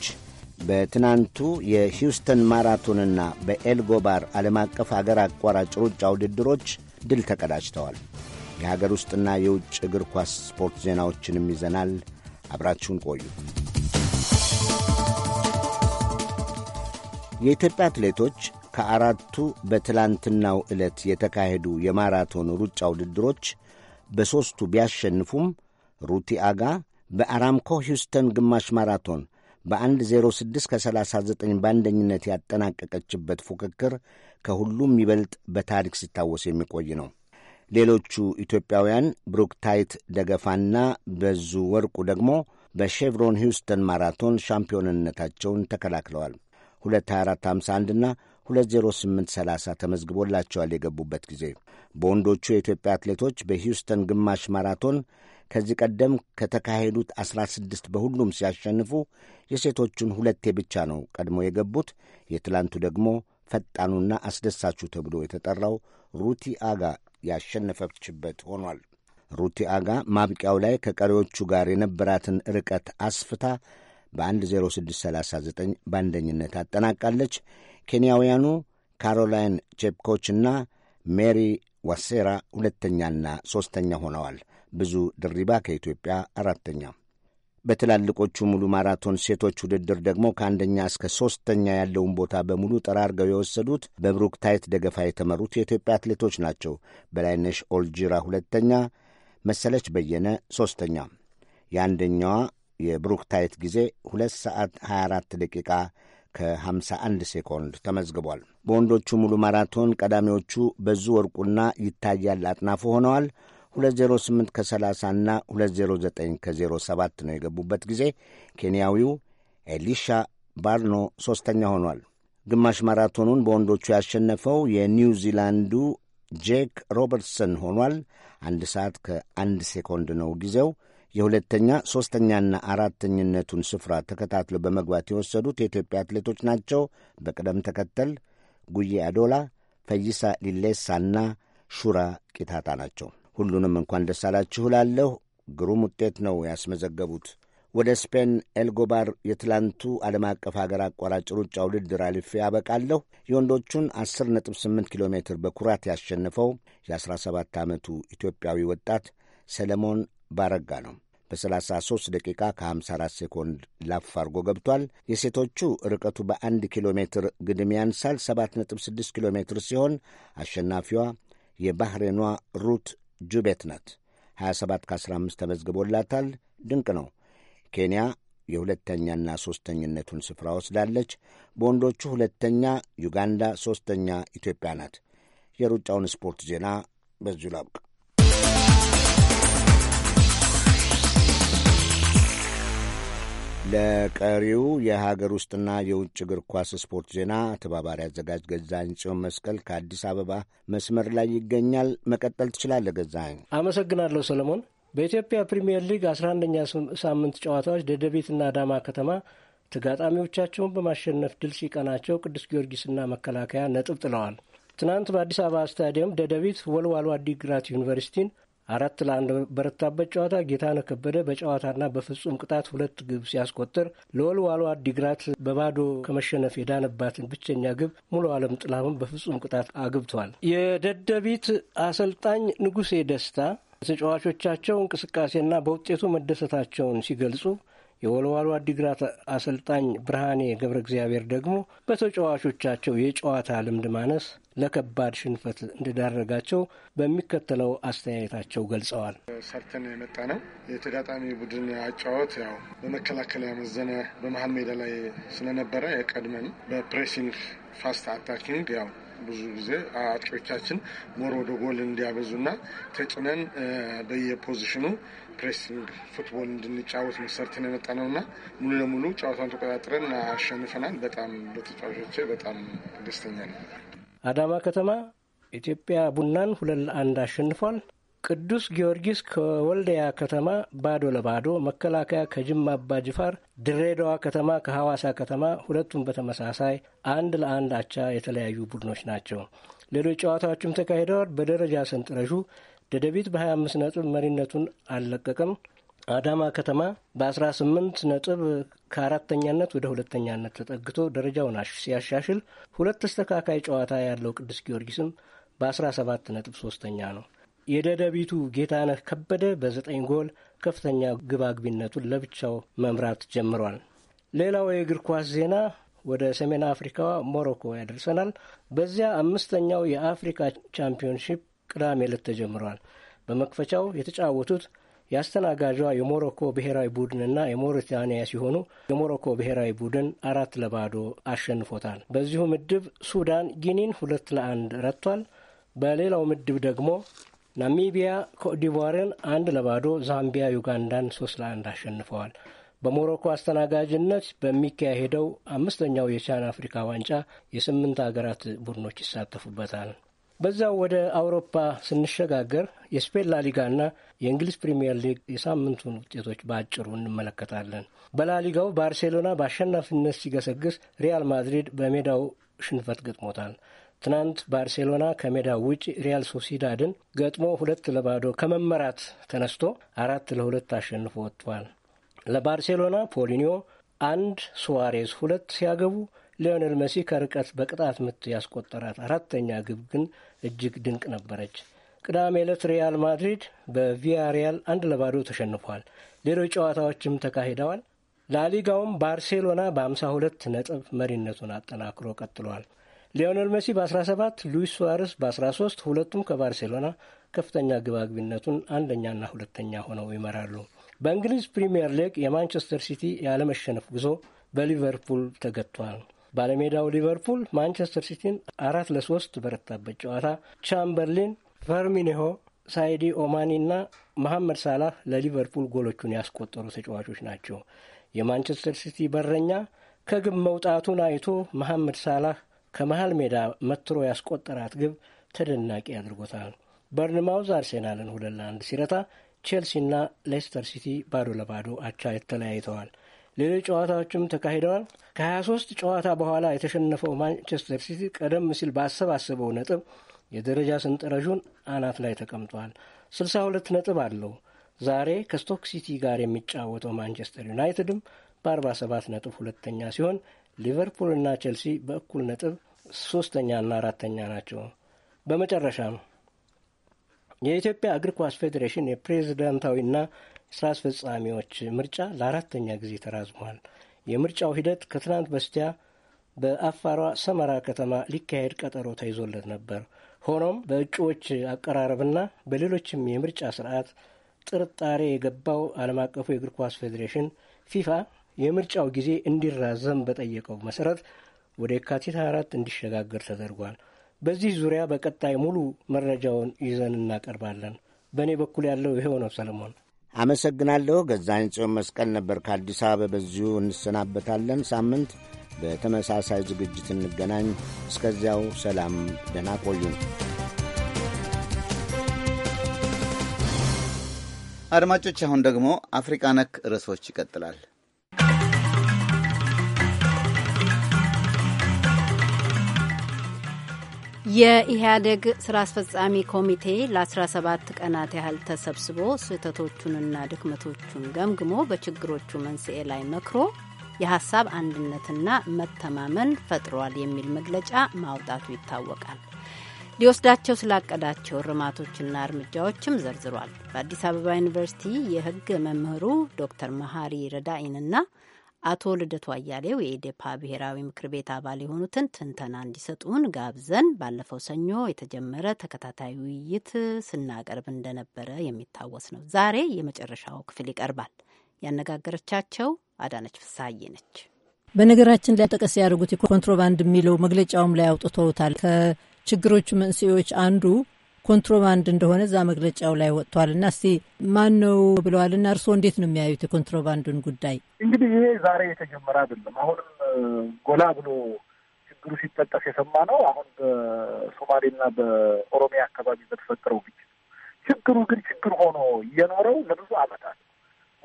Speaker 4: በትናንቱ የሂውስተን ማራቶንና በኤልጎባር ዓለም አቀፍ አገር አቋራጭ ሩጫ ውድድሮች ድል ተቀዳጅተዋል። የሀገር ውስጥና የውጭ እግር ኳስ ስፖርት ዜናዎችንም ይዘናል። አብራችሁን ቆዩ። የኢትዮጵያ አትሌቶች ከአራቱ በትላንትናው ዕለት የተካሄዱ የማራቶን ሩጫ ውድድሮች በሦስቱ ቢያሸንፉም ሩቲ አጋ በአራምኮ ሂውስተን ግማሽ ማራቶን በ 06 ከ39 በአንደኝነት ያጠናቀቀችበት ፉክክር ከሁሉም ይበልጥ በታሪክ ሲታወስ የሚቆይ ነው። ሌሎቹ ኢትዮጵያውያን ብሩክታይት ደገፋና በዙ ወርቁ ደግሞ በሼቭሮን ሂውስተን ማራቶን ሻምፒዮንነታቸውን ተከላክለዋል። 22451ና 20830 ተመዝግቦላቸዋል የገቡበት ጊዜ። በወንዶቹ የኢትዮጵያ አትሌቶች በሂውስተን ግማሽ ማራቶን ከዚህ ቀደም ከተካሄዱት 16 በሁሉም ሲያሸንፉ የሴቶቹን ሁለቴ ብቻ ነው ቀድሞ የገቡት። የትላንቱ ደግሞ ፈጣኑና አስደሳቹ ተብሎ የተጠራው ሩቲ አጋ ያሸነፈችበት ሆኗል። ሩቲ አጋ ማብቂያው ላይ ከቀሪዎቹ ጋር የነበራትን ርቀት አስፍታ በ10639 በአንደኝነት አጠናቃለች። ኬንያውያኑ ካሮላይን ቼፕኮች እና ሜሪ ዋሴራ ሁለተኛና ሦስተኛ ሆነዋል። ብዙ ድሪባ ከኢትዮጵያ አራተኛ በትላልቆቹ ሙሉ ማራቶን ሴቶች ውድድር ደግሞ ከአንደኛ እስከ ሦስተኛ ያለውን ቦታ በሙሉ ጠራርገው የወሰዱት በብሩክ ታይት ደገፋ የተመሩት የኢትዮጵያ አትሌቶች ናቸው። በላይነሽ ኦልጂራ ሁለተኛ፣ መሰለች በየነ ሦስተኛ። የአንደኛዋ የብሩክታይት ጊዜ 2 ሰዓት 24 ደቂቃ ከ51 ሴኮንድ ተመዝግቧል። በወንዶቹ ሙሉ ማራቶን ቀዳሚዎቹ በዙ ወርቁና ይታያል አጥናፉ ሆነዋል። 208 ከ30 እና 209 ከ07 ነው የገቡበት ጊዜ። ኬንያዊው ኤሊሻ ባርኖ ሦስተኛ ሆኗል። ግማሽ ማራቶኑን በወንዶቹ ያሸነፈው የኒውዚላንዱ ጄክ ሮበርትሰን ሆኗል። አንድ ሰዓት ከአንድ ሴኮንድ ነው ጊዜው። የሁለተኛ ሦስተኛና አራተኝነቱን ስፍራ ተከታትለው በመግባት የወሰዱት የኢትዮጵያ አትሌቶች ናቸው። በቅደም ተከተል ጉዬ አዶላ፣ ፈይሳ ሊሌሳና ሹራ ቂታታ ናቸው። ሁሉንም እንኳን ደስ አላችሁ እላለሁ። ግሩም ውጤት ነው ያስመዘገቡት። ወደ ስፔን ኤልጎባር የትላንቱ ዓለም አቀፍ ሀገር አቋራጭ ሩጫ ውድድር አልፌ ያበቃለሁ። የወንዶቹን 10.8 ኪሎ ሜትር በኩራት ያሸነፈው የ17 ዓመቱ ኢትዮጵያዊ ወጣት ሰለሞን ባረጋ ነው። በ33 ደቂቃ ከ54 ሴኮንድ ላፍ አድርጎ ገብቷል። የሴቶቹ ርቀቱ በአንድ ኪሎ ሜትር ግድም ያንሳል፣ 7.6 ኪሎ ሜትር ሲሆን አሸናፊዋ የባህሬኗ ሩት ጁቤት ናት። 27 ከ15 ተመዝግቦላታል። ድንቅ ነው። ኬንያ የሁለተኛና ሦስተኝነቱን ስፍራ ወስዳለች። በወንዶቹ ሁለተኛ ዩጋንዳ፣ ሦስተኛ ኢትዮጵያ ናት። የሩጫውን ስፖርት ዜና በዚሁ ላብቅ። ለቀሪው የሀገር ውስጥና የውጭ እግር ኳስ ስፖርት ዜና ተባባሪ አዘጋጅ ገዛኝ ጽዮን መስቀል ከአዲስ አበባ መስመር ላይ ይገኛል። መቀጠል ትችላለህ ገዛኝ።
Speaker 9: አመሰግናለሁ ሰለሞን። በኢትዮጵያ ፕሪምየር ሊግ 11ኛ ሳምንት ጨዋታዎች ደደቤትና አዳማ ከተማ ተጋጣሚዎቻቸውን በማሸነፍ ድል ሲቀናቸው ቅዱስ ጊዮርጊስና መከላከያ ነጥብ ጥለዋል። ትናንት በአዲስ አበባ ስታዲየም ደደቢት ወልዋሎ አዲግራት ዩኒቨርሲቲን አራት ለአንድ በረታበት ጨዋታ ጌታነህ ከበደ በጨዋታና በፍጹም ቅጣት ሁለት ግብ ሲያስቆጥር ለወልዋሎ አዲግራት በባዶ ከመሸነፍ የዳነባትን ብቸኛ ግብ ሙሉ አለም ጥላሁን በፍጹም ቅጣት አግብቷል። የደደቢት አሰልጣኝ ንጉሴ ደስታ ተጫዋቾቻቸው እንቅስቃሴና በውጤቱ መደሰታቸውን ሲገልጹ የወልዋሎ አዲግራት አሰልጣኝ ብርሃኔ ገብረ እግዚአብሔር ደግሞ በተጫዋቾቻቸው የጨዋታ ልምድ ማነስ ለከባድ ሽንፈት እንደዳረጋቸው በሚከተለው አስተያየታቸው ገልጸዋል።
Speaker 5: ሰርተን የመጣ ነው የተጋጣሚ ቡድን አጫወት ያው በመከላከል ያመዘነ በመሀል ሜዳ ላይ ስለነበረ የቀድመን በፕሬሲንግ ፋስት አታኪንግ ያው ብዙ ጊዜ አጥቂዎቻችን ሞር ወደ ጎል እንዲያበዙና ተጭነን በየፖዚሽኑ ፕሬሲንግ ፉትቦል እንድንጫወት መሰርትን የመጣ ነውና ሙሉ ለሙሉ ጨዋታን ተቆጣጥረን አሸንፈናል። በጣም በተጫዋቾቼ በጣም
Speaker 7: ደስተኛ ነው።
Speaker 9: አዳማ ከተማ ኢትዮጵያ ቡናን ሁለት ለአንድ አሸንፏል። ቅዱስ ጊዮርጊስ ከወልደያ ከተማ ባዶ ለባዶ፣ መከላከያ ከጅማ አባ ጅፋር፣ ድሬዳዋ ከተማ ከሐዋሳ ከተማ ሁለቱም በተመሳሳይ አንድ ለአንድ አቻ የተለያዩ ቡድኖች ናቸው። ሌሎች ጨዋታዎችም ተካሂደዋል። በደረጃ ሰንጠረዡ ደደቢት በ25 ነጥብ መሪነቱን አልለቀቀም። አዳማ ከተማ በ18 ነጥብ ከአራተኛነት ወደ ሁለተኛነት ተጠግቶ ደረጃውን ሲያሻሽል ሁለት ተስተካካይ ጨዋታ ያለው ቅዱስ ጊዮርጊስም በ17 ነጥብ ሶስተኛ ነው። የደደቢቱ ጌታነህ ከበደ በዘጠኝ ጎል ከፍተኛ ግባግቢነቱን ለብቻው መምራት ጀምሯል። ሌላው የእግር ኳስ ዜና ወደ ሰሜን አፍሪካዋ ሞሮኮ ያደርሰናል። በዚያ አምስተኛው የአፍሪካ ቻምፒዮንሺፕ ቅዳሜ ዕለት ተጀምሯል። በመክፈቻው የተጫወቱት የአስተናጋጇ የሞሮኮ ብሔራዊ ቡድንና የሞሪታንያ ሲሆኑ የሞሮኮ ብሔራዊ ቡድን አራት ለባዶ አሸንፎታል። በዚሁ ምድብ ሱዳን ጊኒን ሁለት ለአንድ ረቷል። በሌላው ምድብ ደግሞ ናሚቢያ ኮትዲቯርን አንድ ለባዶ፣ ዛምቢያ ዩጋንዳን ሶስት ለአንድ አሸንፈዋል። በሞሮኮ አስተናጋጅነት በሚካሄደው አምስተኛው የቻን አፍሪካ ዋንጫ የስምንት ሀገራት ቡድኖች ይሳተፉበታል። በዛው ወደ አውሮፓ ስንሸጋገር የስፔን ላሊጋና የእንግሊዝ ፕሪምየር ሊግ የሳምንቱን ውጤቶች በአጭሩ እንመለከታለን። በላሊጋው ባርሴሎና በአሸናፊነት ሲገሰግስ፣ ሪያል ማድሪድ በሜዳው ሽንፈት ገጥሞታል። ትናንት ባርሴሎና ከሜዳው ውጭ ሪያል ሶሲዳድን ገጥሞ ሁለት ለባዶ ከመመራት ተነስቶ አራት ለሁለት አሸንፎ ወጥቷል። ለባርሴሎና ፖሊኒዮ አንድ፣ ሱዋሬዝ ሁለት ሲያገቡ ሊዮኔል መሲ ከርቀት በቅጣት ምት ያስቆጠራት አራተኛ ግብ ግን እጅግ ድንቅ ነበረች። ቅዳሜ ዕለት ሪያል ማድሪድ በቪያሪያል አንድ ለባዶ ተሸንፏል። ሌሎች ጨዋታዎችም ተካሂደዋል። ላሊጋውም ባርሴሎና በ52 ነጥብ መሪነቱን አጠናክሮ ቀጥሏል። ሊዮኔል መሲ በ17 ሉዊስ ሱዋርስ በ13 ሁለቱም ከባርሴሎና ከፍተኛ ግባግቢነቱን አንደኛና ሁለተኛ ሆነው ይመራሉ። በእንግሊዝ ፕሪምየር ሊግ የማንቸስተር ሲቲ ያለመሸነፍ ጉዞ በሊቨርፑል ተገጥቷል። ባለሜዳው ሊቨርፑል ማንቸስተር ሲቲን አራት ለሶስት በረታበት ጨዋታ ቻምበርሊን፣ ፈርሚኒሆ፣ ሳይዲ ኦማኒ እና መሐመድ ሳላህ ለሊቨርፑል ጎሎቹን ያስቆጠሩ ተጫዋቾች ናቸው። የማንቸስተር ሲቲ በረኛ ከግብ መውጣቱን አይቶ መሐመድ ሳላህ ከመሀል ሜዳ መትሮ ያስቆጠራት ግብ ተደናቂ አድርጎታል። በርንማውዝ አርሴናልን ሁለት ለአንድ ሲረታ ቼልሲና ሌስተር ሲቲ ባዶ ለባዶ አቻ ተለያይተዋል። ሌሎች ጨዋታዎችም ተካሂደዋል። ከ23 ጨዋታ በኋላ የተሸነፈው ማንቸስተር ሲቲ ቀደም ሲል ባሰባሰበው ነጥብ የደረጃ ሰንጠረዡን አናት ላይ ተቀምጧል። 62 ነጥብ አለው። ዛሬ ከስቶክ ሲቲ ጋር የሚጫወተው ማንቸስተር ዩናይትድም በ47 ነጥብ ሁለተኛ ሲሆን ሊቨርፑልና ቼልሲ በእኩል ነጥብ ሶስተኛና አራተኛ ናቸው። በመጨረሻም የኢትዮጵያ እግር ኳስ ፌዴሬሽን የፕሬዝዳንታዊና ስራ አስፈጻሚዎች ምርጫ ለአራተኛ ጊዜ ተራዝሟል። የምርጫው ሂደት ከትናንት በስቲያ በአፋሯ ሰመራ ከተማ ሊካሄድ ቀጠሮ ተይዞለት ነበር። ሆኖም በእጩዎች አቀራረብና በሌሎችም የምርጫ ስርዓት ጥርጣሬ የገባው ዓለም አቀፉ የእግር ኳስ ፌዴሬሽን ፊፋ የምርጫው ጊዜ እንዲራዘም በጠየቀው መሰረት ወደ የካቲት 24 እንዲሸጋገር ተደርጓል። በዚህ ዙሪያ በቀጣይ ሙሉ መረጃውን ይዘን እናቀርባለን። በእኔ በኩል ያለው ይኸው ነው ሰለሞን።
Speaker 4: አመሰግናለሁ። ገዛኝ ጽዮን መስቀል ነበር ከአዲስ አበባ። በዚሁ እንሰናበታለን። ሳምንት በተመሳሳይ ዝግጅት እንገናኝ። እስከዚያው ሰላም፣ ደህና ቆዩን።
Speaker 1: አድማጮች አሁን ደግሞ አፍሪቃ ነክ ርዕሶች ይቀጥላል።
Speaker 2: የኢህአዴግ ስራ አስፈጻሚ ኮሚቴ ለ17 ቀናት ያህል ተሰብስቦ ስህተቶቹንና ድክመቶቹን ገምግሞ በችግሮቹ መንስኤ ላይ መክሮ የሀሳብ አንድነትና መተማመን ፈጥሯል የሚል መግለጫ ማውጣቱ ይታወቃል። ሊወስዳቸው ስላቀዳቸው እርማቶችና እርምጃዎችም ዘርዝሯል። በአዲስ አበባ ዩኒቨርሲቲ የህግ መምህሩ ዶክተር መሀሪ ረዳኢንና አቶ ልደቱ አያሌው የኢዴፓ ብሔራዊ ምክር ቤት አባል የሆኑትን ትንተና እንዲሰጡን ጋብዘን ባለፈው ሰኞ የተጀመረ ተከታታይ ውይይት ስናቀርብ እንደነበረ የሚታወስ ነው። ዛሬ የመጨረሻው ክፍል ይቀርባል። ያነጋገረቻቸው አዳነች ፍሳዬ ነች።
Speaker 10: በነገራችን ላይ ጠቀስ ያደርጉት ኮንትሮባንድ የሚለው መግለጫውም ላይ አውጥተውታል። ከችግሮቹ መንስኤዎች አንዱ ኮንትሮባንድ እንደሆነ እዛ መግለጫው ላይ ወጥቷልና እስቲ ማን ነው ብለዋልና እርስዎ እንዴት ነው የሚያዩት የኮንትሮባንዱን ጉዳይ? እንግዲህ
Speaker 8: ይሄ ዛሬ የተጀመረ አይደለም። አሁንም ጎላ ብሎ ችግሩ ሲጠቀስ የሰማ ነው። አሁን በሶማሌና በኦሮሚያ አካባቢ በተፈጠረው ግጭት ችግሩ ግን ችግር ሆኖ የኖረው ለብዙ ዓመታት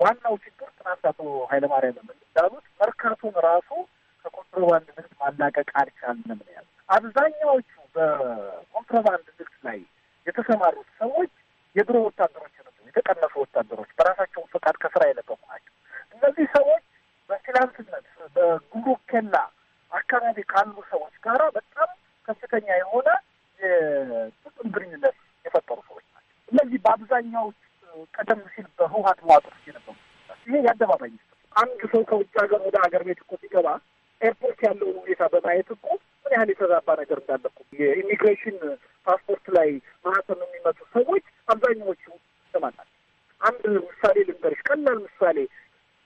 Speaker 8: ዋናው ችግር ትናንት አቶ ኃይለማርያም እንዳሉት መርካቶን ራሱ ከኮንትሮባንድ ንግድ ማላቀቅ አልቻልንም ነው ያሉት። አብዛኛዎቹ በኮንትሮባንድ ንግድ ላይ የተሰማሩት ሰዎች የድሮ ወታደሮች ናቸው። የተቀነሱ ወታደሮች በራሳቸው ፈቃድ ከስራ የለቀቁ ናቸው። እነዚህ ሰዎች በትላንትነት በጉምሩክ ኬላ አካባቢ ካሉ ሰዎች ጋር በጣም ከፍተኛ የሆነ የጥቅም ግንኙነት የፈጠሩ ሰዎች ናቸው። እነዚህ በአብዛኛው ቀደም ሲል በህውሀት መዋቅር ውስጥ የነበሩ ይሄ የአደባባይ ሚስጥር አንድ ሰው ከውጭ ሀገር ወደ ሀገር ቤት እኮ ሲገባ ኤርፖርት ያለውን ሁኔታ በማየት እኮ ምን ያህል የተዛባ ነገር እንዳለ እኮ የኢሚግሬሽን ፓስፖርት ላይ ማህተም የሚመቱ ሰዎች አብዛኛዎቹ ሰማናል። አንድ ምሳሌ ልንገርሽ፣ ቀላል ምሳሌ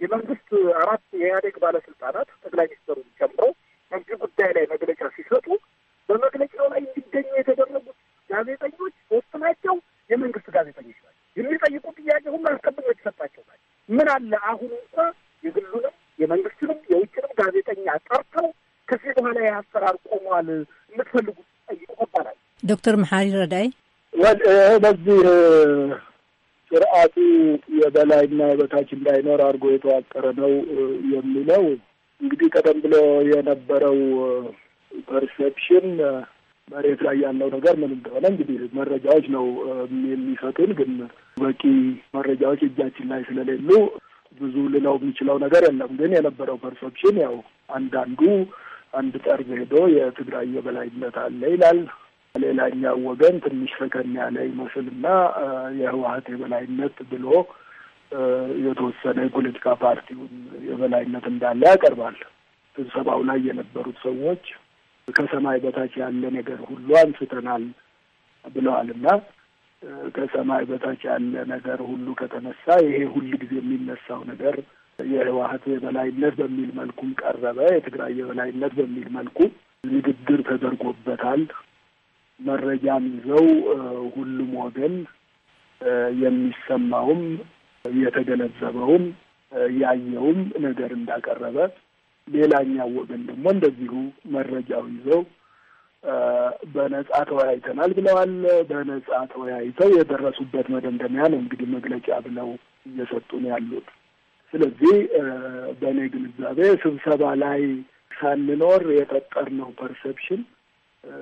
Speaker 8: የመንግስት አራት የኢህአዴግ ባለስልጣናት ጠቅላይ ሚኒስትሩን ጨምሮ በዚህ ጉዳይ ላይ መግለጫ ሲሰጡ በመግለጫው ላይ እንዲገኙ የተደረጉት ጋዜጠኞች ሶስት ናቸው። የመንግስት ጋዜጠኞች ናቸው። የሚጠይቁ ጥያቄ ሁሉ አስቀድሞ የተሰጣቸው ናቸው። ምን አለ አሁን እንኳ ጠርተው ከዚህ በኋላ የአሰራር ቆሟል፣
Speaker 10: የምትፈልጉት ጠይቁ ይባላል። ዶክተር መሐሪ ረዳይ በዚህ
Speaker 8: ስርዓቱ የበላይና የበታች እንዳይኖር አድርጎ የተዋቀረ ነው የሚለው እንግዲህ ቀደም ብሎ የነበረው ፐርሴፕሽን መሬት ላይ ያለው ነገር ምን እንደሆነ እንግዲህ መረጃዎች ነው የሚሰጡን። ግን በቂ መረጃዎች እጃችን ላይ ስለሌሉ ብዙ ልለው የሚችለው ነገር የለም። ግን የነበረው ፐርሴፕሽን ያው አንዳንዱ አንድ ጠርዝ ሄዶ የትግራይ የበላይነት አለ ይላል። ሌላኛው ወገን ትንሽ ፈከን ያለ ይመስልና የህወሀት የበላይነት ብሎ የተወሰነ የፖለቲካ ፓርቲውን የበላይነት እንዳለ ያቀርባል። ስብሰባው ላይ የነበሩት ሰዎች ከሰማይ በታች ያለ ነገር ሁሉ አንስተናል ብለዋል ከሰማይ በታች ያለ ነገር ሁሉ ከተነሳ ይሄ ሁል ጊዜ የሚነሳው ነገር የህወሀት የበላይነት በሚል መልኩም ቀረበ። የትግራይ የበላይነት በሚል መልኩ ንግግር ተደርጎበታል። መረጃም ይዘው ሁሉም ወገን የሚሰማውም የተገነዘበውም ያየውም ነገር እንዳቀረበ፣ ሌላኛው ወገን ደግሞ እንደዚሁ መረጃው ይዘው በነጻ ተወያይተናል ብለዋል። በነጻ ተወያይተው የደረሱበት መደምደሚያ ነው እንግዲህ መግለጫ ብለው እየሰጡን ያሉት። ስለዚህ በእኔ ግንዛቤ ስብሰባ ላይ ሳንኖር የፈጠርነው ፐርሰፕሽን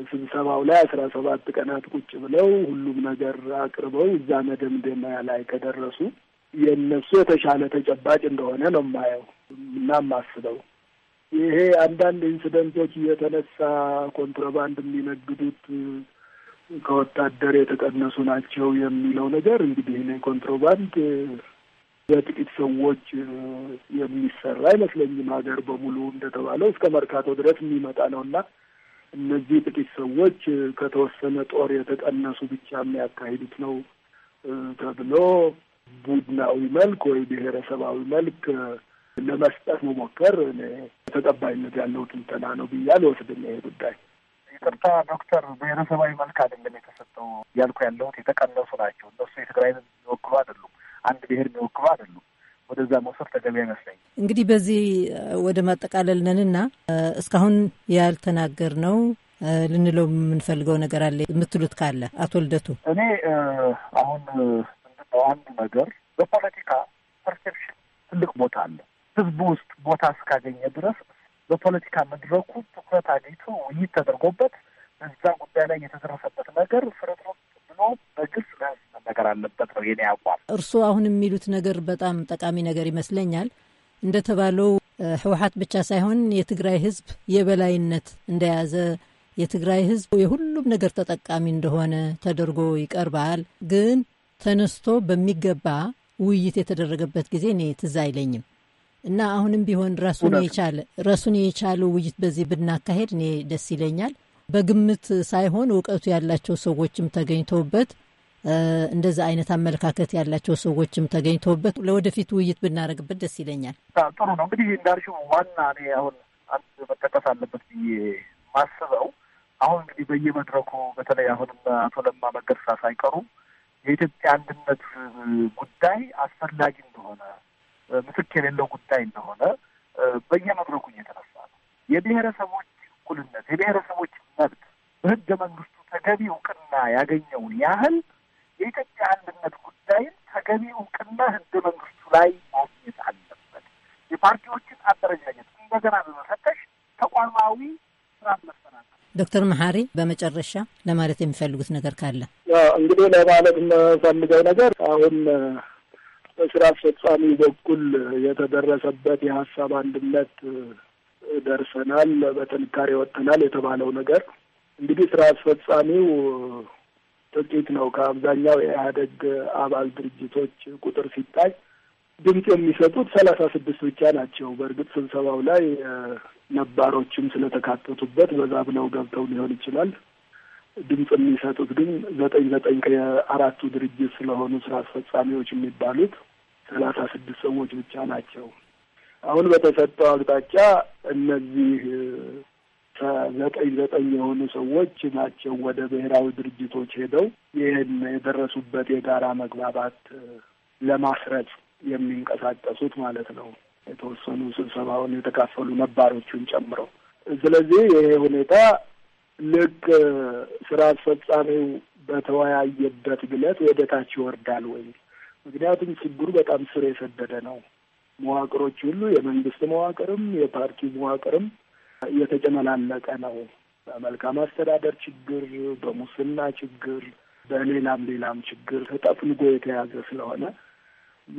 Speaker 8: ስብሰባው ላይ አስራ ሰባት ቀናት ቁጭ ብለው ሁሉም ነገር አቅርበው እዛ መደምደሚያ ላይ ከደረሱ የእነሱ የተሻለ ተጨባጭ እንደሆነ ነው የማየው እና የማስበው። ይሄ አንዳንድ ኢንስደንቶች እየተነሳ ኮንትሮባንድ የሚነግዱት ከወታደር የተቀነሱ ናቸው የሚለው ነገር እንግዲህ እኔ ኮንትሮባንድ በጥቂት ሰዎች የሚሰራ አይመስለኝም። ሀገር በሙሉ እንደተባለው እስከ መርካቶ ድረስ የሚመጣ ነው እና እነዚህ ጥቂት ሰዎች ከተወሰነ ጦር የተቀነሱ ብቻ የሚያካሂዱት ነው ተብሎ ቡድናዊ መልክ ወይ ብሔረሰባዊ መልክ ለመስጠት መሞከር ተቀባይነት ያለው ትንተና ነው ብዬ አልወስድም። ይሄ ጉዳይ ይቅርታ ዶክተር፣ ብሔረሰባዊ መልክ አይደለም የተሰጠው ያልኩ ያለሁት የተቀነሱ ናቸው። እነሱ የትግራይን የሚወክሉ አይደሉም። አንድ ብሔር የሚወክሉ አይደሉም። ወደዛ መውሰድ ተገቢ ይመስለኝ
Speaker 10: እንግዲህ በዚህ ወደ ማጠቃለል ነንና እስካሁን ያልተናገር ነው ልንለው የምንፈልገው ነገር አለ የምትሉት ካለ አቶ ልደቱ።
Speaker 8: እኔ አሁን ምንድነው አንዱ ነገር በፖለቲካ ፐርሴፕሽን ትልቅ ቦታ አለ። ህዝቡ ውስጥ ቦታ እስካገኘ ድረስ በፖለቲካ መድረኩ ትኩረት አግኝቶ ውይይት ተደርጎበት በዛ ጉዳይ ላይ የተደረሰበት ነገር ፍርጥርጥ ወስኖ በግልጽ ነገር አለበት
Speaker 11: ነው የኔ አቋም።
Speaker 10: እርስዎ አሁን የሚሉት ነገር በጣም ጠቃሚ ነገር ይመስለኛል። እንደተባለው ህወሀት ብቻ ሳይሆን የትግራይ ህዝብ የበላይነት እንደያዘ የትግራይ ህዝብ የሁሉም ነገር ተጠቃሚ እንደሆነ ተደርጎ ይቀርባል። ግን ተነስቶ በሚገባ ውይይት የተደረገበት ጊዜ እኔ ትዝ አይለኝም እና አሁንም ቢሆን ራሱን የቻለ ራሱን የቻለ ውይይት በዚህ ብናካሄድ እኔ ደስ ይለኛል። በግምት ሳይሆን እውቀቱ ያላቸው ሰዎችም ተገኝተውበት እንደዛ አይነት አመለካከት ያላቸው ሰዎችም ተገኝተውበት ለወደፊት ውይይት ብናደርግበት ደስ ይለኛል። ጥሩ ነው እንግዲህ
Speaker 8: እንዳልሽው ዋና እኔ አሁን አንድ መጠቀስ አለበት ብዬ ማስበው አሁን እንግዲህ በየመድረኩ በተለይ አሁንም አቶ ለማ መገርሳ ሳይቀሩ የኢትዮጵያ አንድነት ጉዳይ አስፈላጊ እንደሆነ ምትክ የሌለው ጉዳይ እንደሆነ በየመድረኩ እየተነሳ ነው።
Speaker 6: የብሔረሰቦች
Speaker 8: እኩልነት፣ የብሔረሰቦች መብት በህገ መንግስቱ ተገቢ እውቅና ያገኘውን ያህል የኢትዮጵያ አንድነት ጉዳይን ተገቢ እውቅና ህገ መንግስቱ ላይ ማግኘት አለበት። የፓርቲዎችን አደረጃጀት እንደገና በመፈተሽ ተቋማዊ ስራ መሰናል።
Speaker 10: ዶክተር መሀሪ በመጨረሻ ለማለት የሚፈልጉት ነገር ካለ?
Speaker 8: እንግዲህ ለማለት የምፈልገው ነገር አሁን በስራ አስፈጻሚ በኩል የተደረሰበት የሀሳብ አንድነት ደርሰናል፣ በጥንካሬ ወጥተናል የተባለው ነገር እንግዲህ ስራ አስፈጻሚው ጥቂት ነው። ከአብዛኛው የኢህአደግ አባል ድርጅቶች ቁጥር ሲታይ ድምፅ የሚሰጡት ሰላሳ ስድስት ብቻ ናቸው። በእርግጥ ስብሰባው ላይ ነባሮችም ስለተካተቱበት በዛ ብለው ገብተው ሊሆን ይችላል። ድምፅ የሚሰጡት ግን ዘጠኝ ዘጠኝ ከአራቱ ድርጅት ስለሆኑ ስራ አስፈጻሚዎች የሚባሉት ሰላሳ ስድስት ሰዎች ብቻ ናቸው። አሁን በተሰጠው አቅጣጫ እነዚህ ከዘጠኝ ዘጠኝ የሆኑ ሰዎች ናቸው ወደ ብሔራዊ ድርጅቶች ሄደው ይህን የደረሱበት የጋራ መግባባት ለማስረጽ የሚንቀሳቀሱት ማለት ነው። የተወሰኑ ስብሰባውን የተካፈሉ ነባሮቹን ጨምረው። ስለዚህ ይሄ ሁኔታ ልክ ስራ አስፈጻሚው በተወያየበት ግለት ወደ ታች ይወርዳል ወይ? ምክንያቱም ችግሩ በጣም ስር የሰደደ ነው። መዋቅሮች ሁሉ የመንግስት መዋቅርም የፓርቲ መዋቅርም እየተጨመላለቀ ነው። በመልካም አስተዳደር ችግር፣ በሙስና ችግር፣ በሌላም ሌላም ችግር ተጠፍንጎ የተያዘ ስለሆነ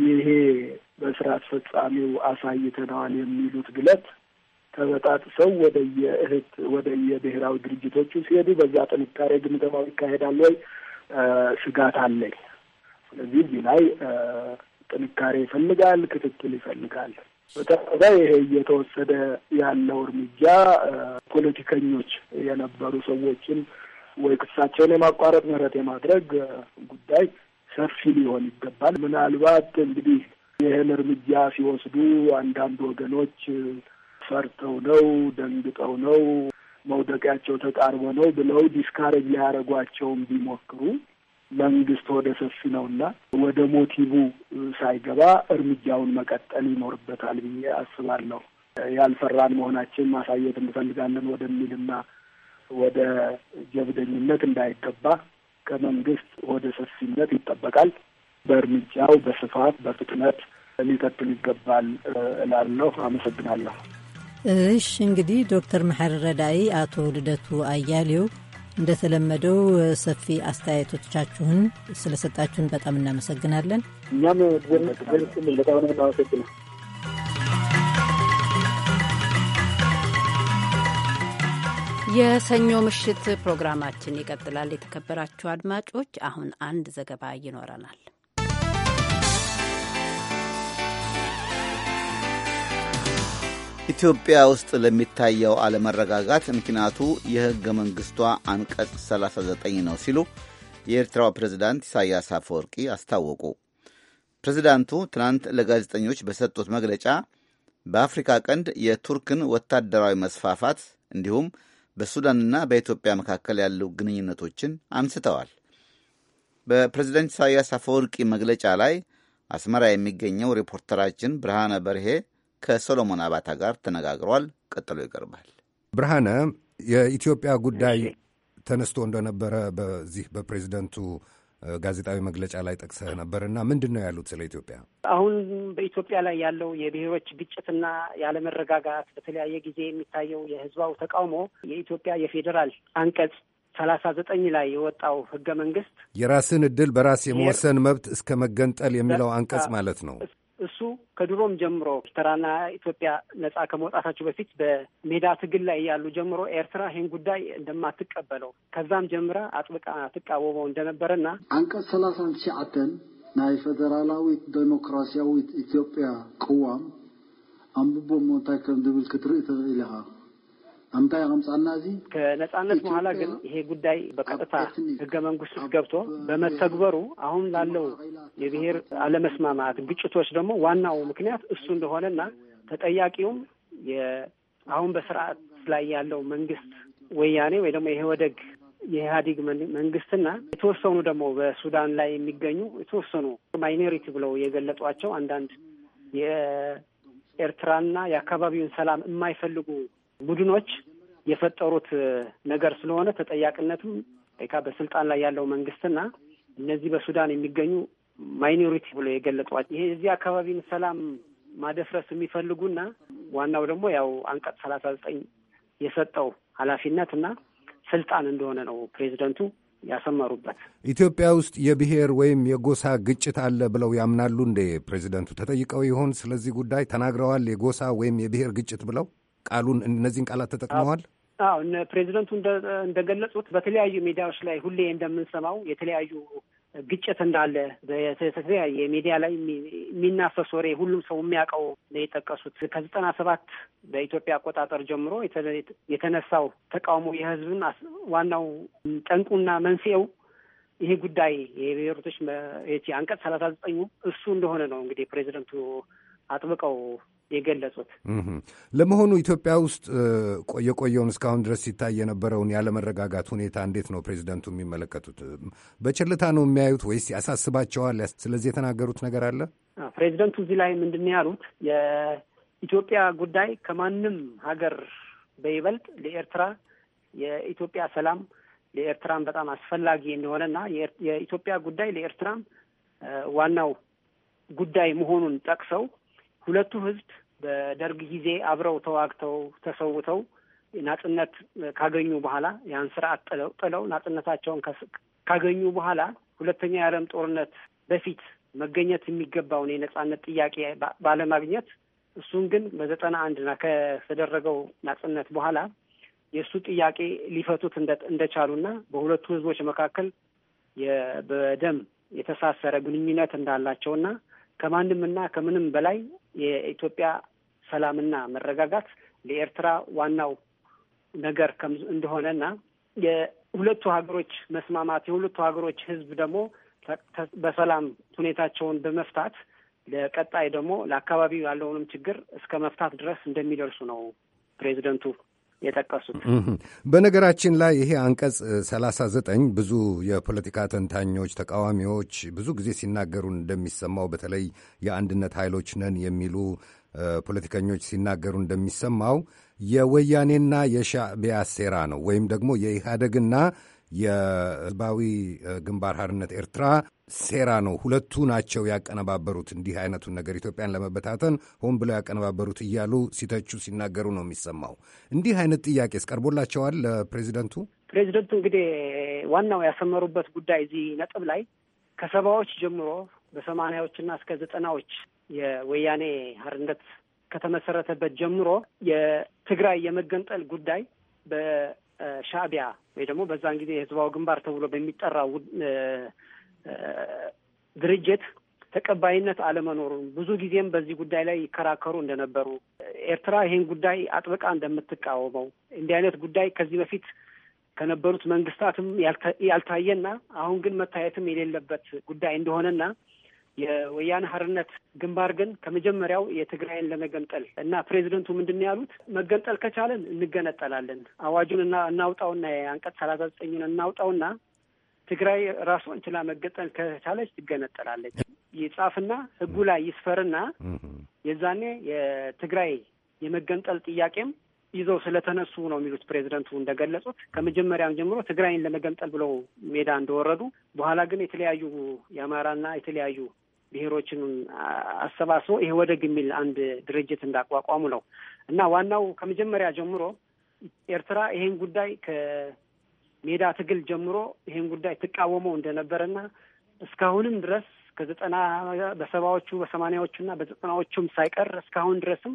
Speaker 8: ይሄ በስራ አስፈጻሚው አሳይተነዋል የሚሉት ግለት ተበጣጥሰው ወደ የእህት ወደ የብሔራዊ ድርጅቶቹ ሲሄዱ በዛ ጥንካሬ ግምገማው ይካሄዳል ወይ ስጋት አለኝ። ስለዚህ እዚህ ላይ ጥንካሬ ይፈልጋል፣ ክትትል ይፈልጋል። በተረፈ ይሄ እየተወሰደ ያለው እርምጃ ፖለቲከኞች የነበሩ ሰዎችን ወይ ክሳቸውን የማቋረጥ ምህረት የማድረግ ጉዳይ ሰፊ ሊሆን ይገባል። ምናልባት እንግዲህ ይህን እርምጃ ሲወስዱ አንዳንድ ወገኖች ፈርተው ነው፣ ደንግጠው ነው፣ መውደቂያቸው ተቃርቦ ነው ብለው ዲስካሬጅ ሊያደርጓቸውም ቢሞክሩ መንግስት ወደ ሰፊ ነውና ወደ ሞቲቡ ሳይገባ እርምጃውን መቀጠል ይኖርበታል ብዬ አስባለሁ። ያልፈራን መሆናችን ማሳየት እንፈልጋለን ወደሚልና ወደ ጀብደኝነት እንዳይገባ ከመንግስት ወደ ሰፊነት ይጠበቃል። በእርምጃው በስፋት በፍጥነት ሊቀጥል ይገባል እላለሁ። አመሰግናለሁ።
Speaker 10: እሽ እንግዲህ ዶክተር መሐር ረዳኢ፣ አቶ ልደቱ አያሌው እንደተለመደው ሰፊ አስተያየቶቻችሁን ስለሰጣችሁን በጣም እናመሰግናለን።
Speaker 2: እኛም በጣም እናመሰግናለን። የሰኞ ምሽት ፕሮግራማችን ይቀጥላል። የተከበራችሁ አድማጮች፣ አሁን አንድ ዘገባ ይኖረናል።
Speaker 1: ኢትዮጵያ ውስጥ ለሚታየው አለመረጋጋት ምክንያቱ የሕገ መንግሥቷ አንቀጽ 39 ነው ሲሉ የኤርትራው ፕሬዝዳንት ኢሳያስ አፈወርቂ አስታወቁ። ፕሬዝዳንቱ ትናንት ለጋዜጠኞች በሰጡት መግለጫ በአፍሪካ ቀንድ የቱርክን ወታደራዊ መስፋፋት እንዲሁም በሱዳንና በኢትዮጵያ መካከል ያሉ ግንኙነቶችን አንስተዋል። በፕሬዝደንት ኢሳያስ አፈወርቂ መግለጫ ላይ አስመራ የሚገኘው ሪፖርተራችን ብርሃነ በርሄ ከሰሎሞን አባታ ጋር ተነጋግሯል። ቀጥሎ ይቀርባል።
Speaker 7: ብርሃነ፣ የኢትዮጵያ ጉዳይ ተነስቶ እንደነበረ በዚህ በፕሬዚደንቱ ጋዜጣዊ
Speaker 1: መግለጫ ላይ ጠቅሰህ
Speaker 7: ነበር እና ምንድን ነው ያሉት ስለ ኢትዮጵያ?
Speaker 11: አሁን በኢትዮጵያ ላይ ያለው የብሔሮች ግጭትና ያለመረጋጋት፣ በተለያየ ጊዜ የሚታየው የህዝባዊ ተቃውሞ የኢትዮጵያ የፌዴራል አንቀጽ ሰላሳ ዘጠኝ ላይ የወጣው ህገ መንግስት
Speaker 7: የራስን እድል በራስ የመወሰን መብት እስከ መገንጠል የሚለው አንቀጽ ማለት ነው
Speaker 11: እሱ ከድሮም ጀምሮ ኤርትራና ኢትዮጵያ ነጻ ከመውጣታቸው በፊት በሜዳ ትግል ላይ ያሉ ጀምሮ ኤርትራ ይህን ጉዳይ እንደማትቀበለው ከዛም ጀምራ አጥብቃ ትቃወመው እንደነበረና አንቀጽ ሰላሳን ትሽዓተን
Speaker 3: ናይ ፌደራላዊት ዴሞክራሲያዊት ኢትዮጵያ ቅዋም ኣንብቦሞ እንታይ ከም ዝብል ክትርኢ ትኽእል ኢኻ
Speaker 11: አምታ ከምፃና እዚ
Speaker 4: ከነጻነት በኋላ ግን
Speaker 11: ይሄ ጉዳይ በቀጥታ ህገ መንግስት ውስጥ ገብቶ በመተግበሩ አሁን ላለው የብሔር አለመስማማት፣ ግጭቶች ደግሞ ዋናው ምክንያት እሱ እንደሆነና ተጠያቂውም አሁን በስርዓት ላይ ያለው መንግስት ወያኔ ወይ ደግሞ የኢህወደግ የኢህአዴግ መንግስትና የተወሰኑ ደግሞ በሱዳን ላይ የሚገኙ የተወሰኑ ማይኖሪቲ ብለው የገለጧቸው አንዳንድ የኤርትራና የአካባቢውን ሰላም የማይፈልጉ ቡድኖች የፈጠሩት ነገር ስለሆነ ተጠያቂነትም ካ በስልጣን ላይ ያለው መንግስትና እነዚህ በሱዳን የሚገኙ ማይኖሪቲ ብሎ የገለጧት ይሄ እዚህ አካባቢን ሰላም ማደፍረስ የሚፈልጉና ዋናው ደግሞ ያው አንቀጽ ሰላሳ ዘጠኝ የሰጠው ኃላፊነትና ስልጣን እንደሆነ ነው ፕሬዚደንቱ ያሰመሩበት።
Speaker 7: ኢትዮጵያ ውስጥ የብሔር ወይም የጎሳ ግጭት አለ ብለው ያምናሉ እንዴ? ፕሬዚደንቱ ተጠይቀው ይሆን ስለዚህ ጉዳይ ተናግረዋል? የጎሳ ወይም የብሔር ግጭት ብለው ቃሉን እነዚህን ቃላት ተጠቅመዋል።
Speaker 11: አዎ ፕሬዚደንቱ እንደገለጹት በተለያዩ ሚዲያዎች ላይ ሁሌ እንደምንሰማው የተለያዩ ግጭት እንዳለ በተለያየ ሚዲያ ላይ የሚናፈስ ወሬ ሁሉም ሰው የሚያውቀው ነው የጠቀሱት። ከዘጠና ሰባት በኢትዮጵያ አቆጣጠር ጀምሮ የተነሳው ተቃውሞ የህዝብን ዋናው ጠንቁና መንስኤው ይሄ ጉዳይ የብሔሮቶች አንቀጽ ሰላሳ ዘጠኙ እሱ እንደሆነ ነው እንግዲህ ፕሬዚደንቱ አጥብቀው የገለጹት።
Speaker 7: ለመሆኑ ኢትዮጵያ ውስጥ የቆየውን እስካሁን ድረስ ሲታይ የነበረውን ያለመረጋጋት ሁኔታ እንዴት ነው ፕሬዚደንቱ የሚመለከቱት? በችልታ ነው የሚያዩት ወይስ ያሳስባቸዋል? ስለዚህ የተናገሩት ነገር አለ?
Speaker 11: ፕሬዚደንቱ እዚህ ላይ ምንድን ያሉት የኢትዮጵያ ጉዳይ ከማንም ሀገር በይበልጥ ለኤርትራ የኢትዮጵያ ሰላም ለኤርትራም በጣም አስፈላጊ እንደሆነና የኢትዮጵያ ጉዳይ ለኤርትራም ዋናው ጉዳይ መሆኑን ጠቅሰው ሁለቱ ሕዝብ በደርግ ጊዜ አብረው ተዋግተው ተሰውተው ናጽነት ካገኙ በኋላ ያን ስርዓት ጥለው ጥለው ናጽነታቸውን ካገኙ በኋላ ሁለተኛ የዓለም ጦርነት በፊት መገኘት የሚገባውን የነጻነት ጥያቄ ባለማግኘት እሱን ግን በዘጠና ና ከተደረገው ናጽነት በኋላ የእሱ ጥያቄ ሊፈቱት እንደቻሉ ና በሁለቱ ህዝቦች መካከል በደም የተሳሰረ ግንኙነት እንዳላቸውና ከማንም እና ከምንም በላይ የኢትዮጵያ ሰላምና መረጋጋት ለኤርትራ ዋናው ነገር እንደሆነና የሁለቱ ሀገሮች መስማማት የሁለቱ ሀገሮች ህዝብ ደግሞ በሰላም ሁኔታቸውን በመፍታት ለቀጣይ ደግሞ ለአካባቢው ያለውንም ችግር እስከ መፍታት ድረስ እንደሚደርሱ ነው ፕሬዚደንቱ የጠቀሱት።
Speaker 7: በነገራችን ላይ ይሄ አንቀጽ ሰላሳ ዘጠኝ ብዙ የፖለቲካ ተንታኞች፣ ተቃዋሚዎች ብዙ ጊዜ ሲናገሩ እንደሚሰማው በተለይ የአንድነት ኃይሎች ነን የሚሉ ፖለቲከኞች ሲናገሩ እንደሚሰማው የወያኔና የሻዕቢያ ሴራ ነው ወይም ደግሞ የኢህአደግና የህዝባዊ ግንባር ሀርነት ኤርትራ ሴራ ነው። ሁለቱ ናቸው ያቀነባበሩት እንዲህ አይነቱን ነገር ኢትዮጵያን ለመበታተን ሆን ብለው ያቀነባበሩት እያሉ ሲተቹ ሲናገሩ ነው የሚሰማው። እንዲህ አይነት ጥያቄስ ቀርቦላቸዋል ለፕሬዚደንቱ?
Speaker 11: ፕሬዚደንቱ እንግዲህ ዋናው ያሰመሩበት ጉዳይ እዚህ ነጥብ ላይ ከሰባዎች ጀምሮ በሰማኒያዎችና እስከ ዘጠናዎች የወያኔ ሀርነት ከተመሰረተበት ጀምሮ የትግራይ የመገንጠል ጉዳይ በሻቢያ ወይ ደግሞ በዛን ጊዜ የህዝባዊ ግንባር ተብሎ በሚጠራው ድርጅት ተቀባይነት አለመኖሩን ብዙ ጊዜም በዚህ ጉዳይ ላይ ይከራከሩ እንደነበሩ፣ ኤርትራ ይህን ጉዳይ አጥብቃ እንደምትቃወመው እንዲህ አይነት ጉዳይ ከዚህ በፊት ከነበሩት መንግስታትም ያልታየና አሁን ግን መታየትም የሌለበት ጉዳይ እንደሆነና የወያነ ሀርነት ግንባር ግን ከመጀመሪያው የትግራይን ለመገንጠል እና ፕሬዚደንቱ ምንድን ነው ያሉት? መገንጠል ከቻለን እንገነጠላለን። አዋጁንና እናውጣውና የአንቀጽ ሰላሳ ዘጠኙን እናውጣውና ትግራይ ራሷን ችላ መገንጠል ከቻለች ትገነጠላለች ይጻፍና ህጉ ላይ ይስፈርና የዛኔ የትግራይ የመገንጠል ጥያቄም ይዘው ስለተነሱ ነው የሚሉት ፕሬዚደንቱ እንደገለጹት። ከመጀመሪያም ጀምሮ ትግራይን ለመገንጠል ብለው ሜዳ እንደወረዱ በኋላ ግን የተለያዩ የአማራና የተለያዩ ብሔሮችን አሰባስቦ ይሄ ወደግ የሚል አንድ ድርጅት እንዳቋቋሙ ነው እና ዋናው ከመጀመሪያ ጀምሮ ኤርትራ ይሄን ጉዳይ ከሜዳ ትግል ጀምሮ ይሄን ጉዳይ ትቃወመው እንደነበረና እስካሁንም ድረስ ከዘጠና በሰባዎቹ በሰማኒያዎቹና በዘጠናዎቹም ሳይቀር እስካሁን ድረስም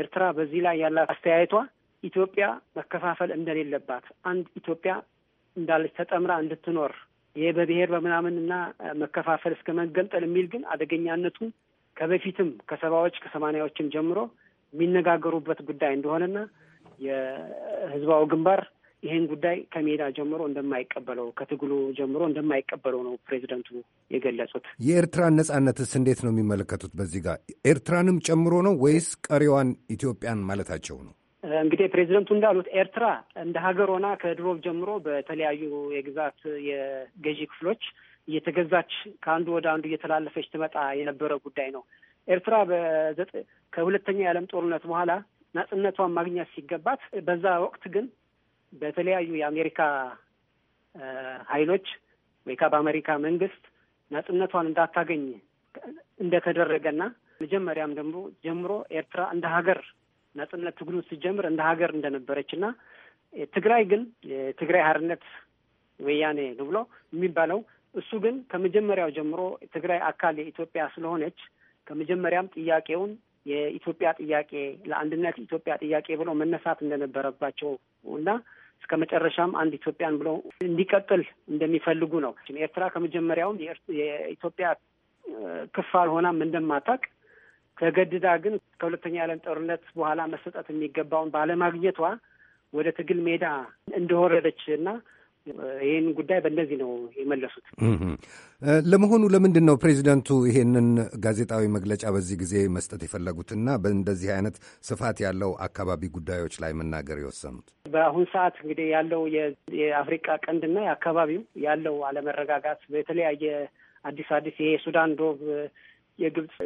Speaker 11: ኤርትራ በዚህ ላይ ያላት አስተያየቷ ኢትዮጵያ መከፋፈል እንደሌለባት አንድ ኢትዮጵያ እንዳለች ተጠምራ እንድትኖር ይሄ በብሔር በምናምንና መከፋፈል እስከ መገንጠል የሚል ግን አደገኛነቱ ከበፊትም ከሰባዎች ከሰማኒያዎችም ጀምሮ የሚነጋገሩበት ጉዳይ እንደሆነና የህዝባዊ ግንባር ይህን ጉዳይ ከሜዳ ጀምሮ እንደማይቀበለው ከትግሉ ጀምሮ እንደማይቀበለው ነው ፕሬዚደንቱ የገለጹት።
Speaker 7: የኤርትራን ነጻነትስ እንዴት ነው የሚመለከቱት? በዚህ ጋር ኤርትራንም ጨምሮ ነው ወይስ ቀሪዋን ኢትዮጵያን ማለታቸው ነው?
Speaker 11: እንግዲህ ፕሬዚደንቱ እንዳሉት ኤርትራ እንደ ሀገር ሆና ከድሮ ጀምሮ በተለያዩ የግዛት የገዢ ክፍሎች እየተገዛች ከአንዱ ወደ አንዱ እየተላለፈች ትመጣ የነበረ ጉዳይ ነው። ኤርትራ ከሁለተኛ የዓለም ጦርነት በኋላ ናጽነቷን ማግኘት ሲገባት፣ በዛ ወቅት ግን በተለያዩ የአሜሪካ ኃይሎች ወይ በአሜሪካ መንግስት ናጽነቷን እንዳታገኝ እንደተደረገና መጀመሪያም ደግሞ ጀምሮ ኤርትራ እንደ ሀገር ነጽነት ትግሉን ስጀምር እንደ ሀገር እንደነበረች እና ትግራይ ግን የትግራይ ሀርነት ወያኔ ነው ብሎ የሚባለው እሱ ግን ከመጀመሪያው ጀምሮ ትግራይ አካል የኢትዮጵያ ስለሆነች ከመጀመሪያም ጥያቄውን የኢትዮጵያ ጥያቄ ለአንድነት ኢትዮጵያ ጥያቄ ብሎ መነሳት እንደነበረባቸው እና እስከ መጨረሻም አንድ ኢትዮጵያን ብሎ እንዲቀጥል እንደሚፈልጉ ነው። ኤርትራ ከመጀመሪያውም የኢትዮጵያ ክፋል ሆናም እንደማታውቅ ተገድዳ ግን ከሁለተኛ የዓለም ጦርነት በኋላ መሰጠት የሚገባውን ባለማግኘቷ ወደ ትግል ሜዳ እንደወረደች እና ይህን ጉዳይ በእንደዚህ ነው የመለሱት።
Speaker 7: ለመሆኑ ለምንድን ነው ፕሬዚደንቱ ይሄንን ጋዜጣዊ መግለጫ በዚህ ጊዜ መስጠት የፈለጉትና በእንደዚህ አይነት ስፋት ያለው አካባቢ ጉዳዮች ላይ መናገር የወሰኑት?
Speaker 11: በአሁን ሰዓት እንግዲህ ያለው የአፍሪቃ ቀንድና የአካባቢው ያለው አለመረጋጋት በተለያየ አዲስ አዲስ ይሄ ሱዳን ዶብ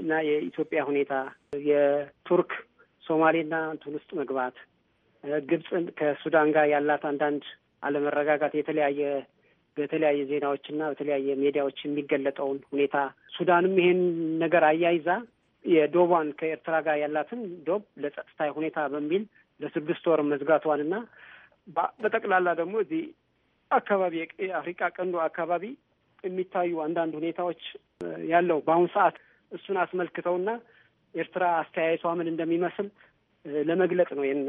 Speaker 11: እና የኢትዮጵያ ሁኔታ፣ የቱርክ ሶማሌና እንትን ውስጥ መግባት፣ ግብጽ ከሱዳን ጋር ያላት አንዳንድ አለመረጋጋት የተለያየ በተለያየ ዜናዎችና በተለያየ ሜዲያዎች የሚገለጠውን ሁኔታ ሱዳንም ይሄን ነገር አያይዛ የዶቧን ከኤርትራ ጋር ያላትን ዶብ ለጸጥታ ሁኔታ በሚል ለስድስት ወር መዝጋቷንና በጠቅላላ ደግሞ እዚህ አካባቢ የአፍሪቃ ቀንዱ አካባቢ የሚታዩ አንዳንድ ሁኔታዎች ያለው በአሁኑ ሰዓት እሱን አስመልክተውና ኤርትራ አስተያየቷ ምን እንደሚመስል ለመግለጽ ነው ይህን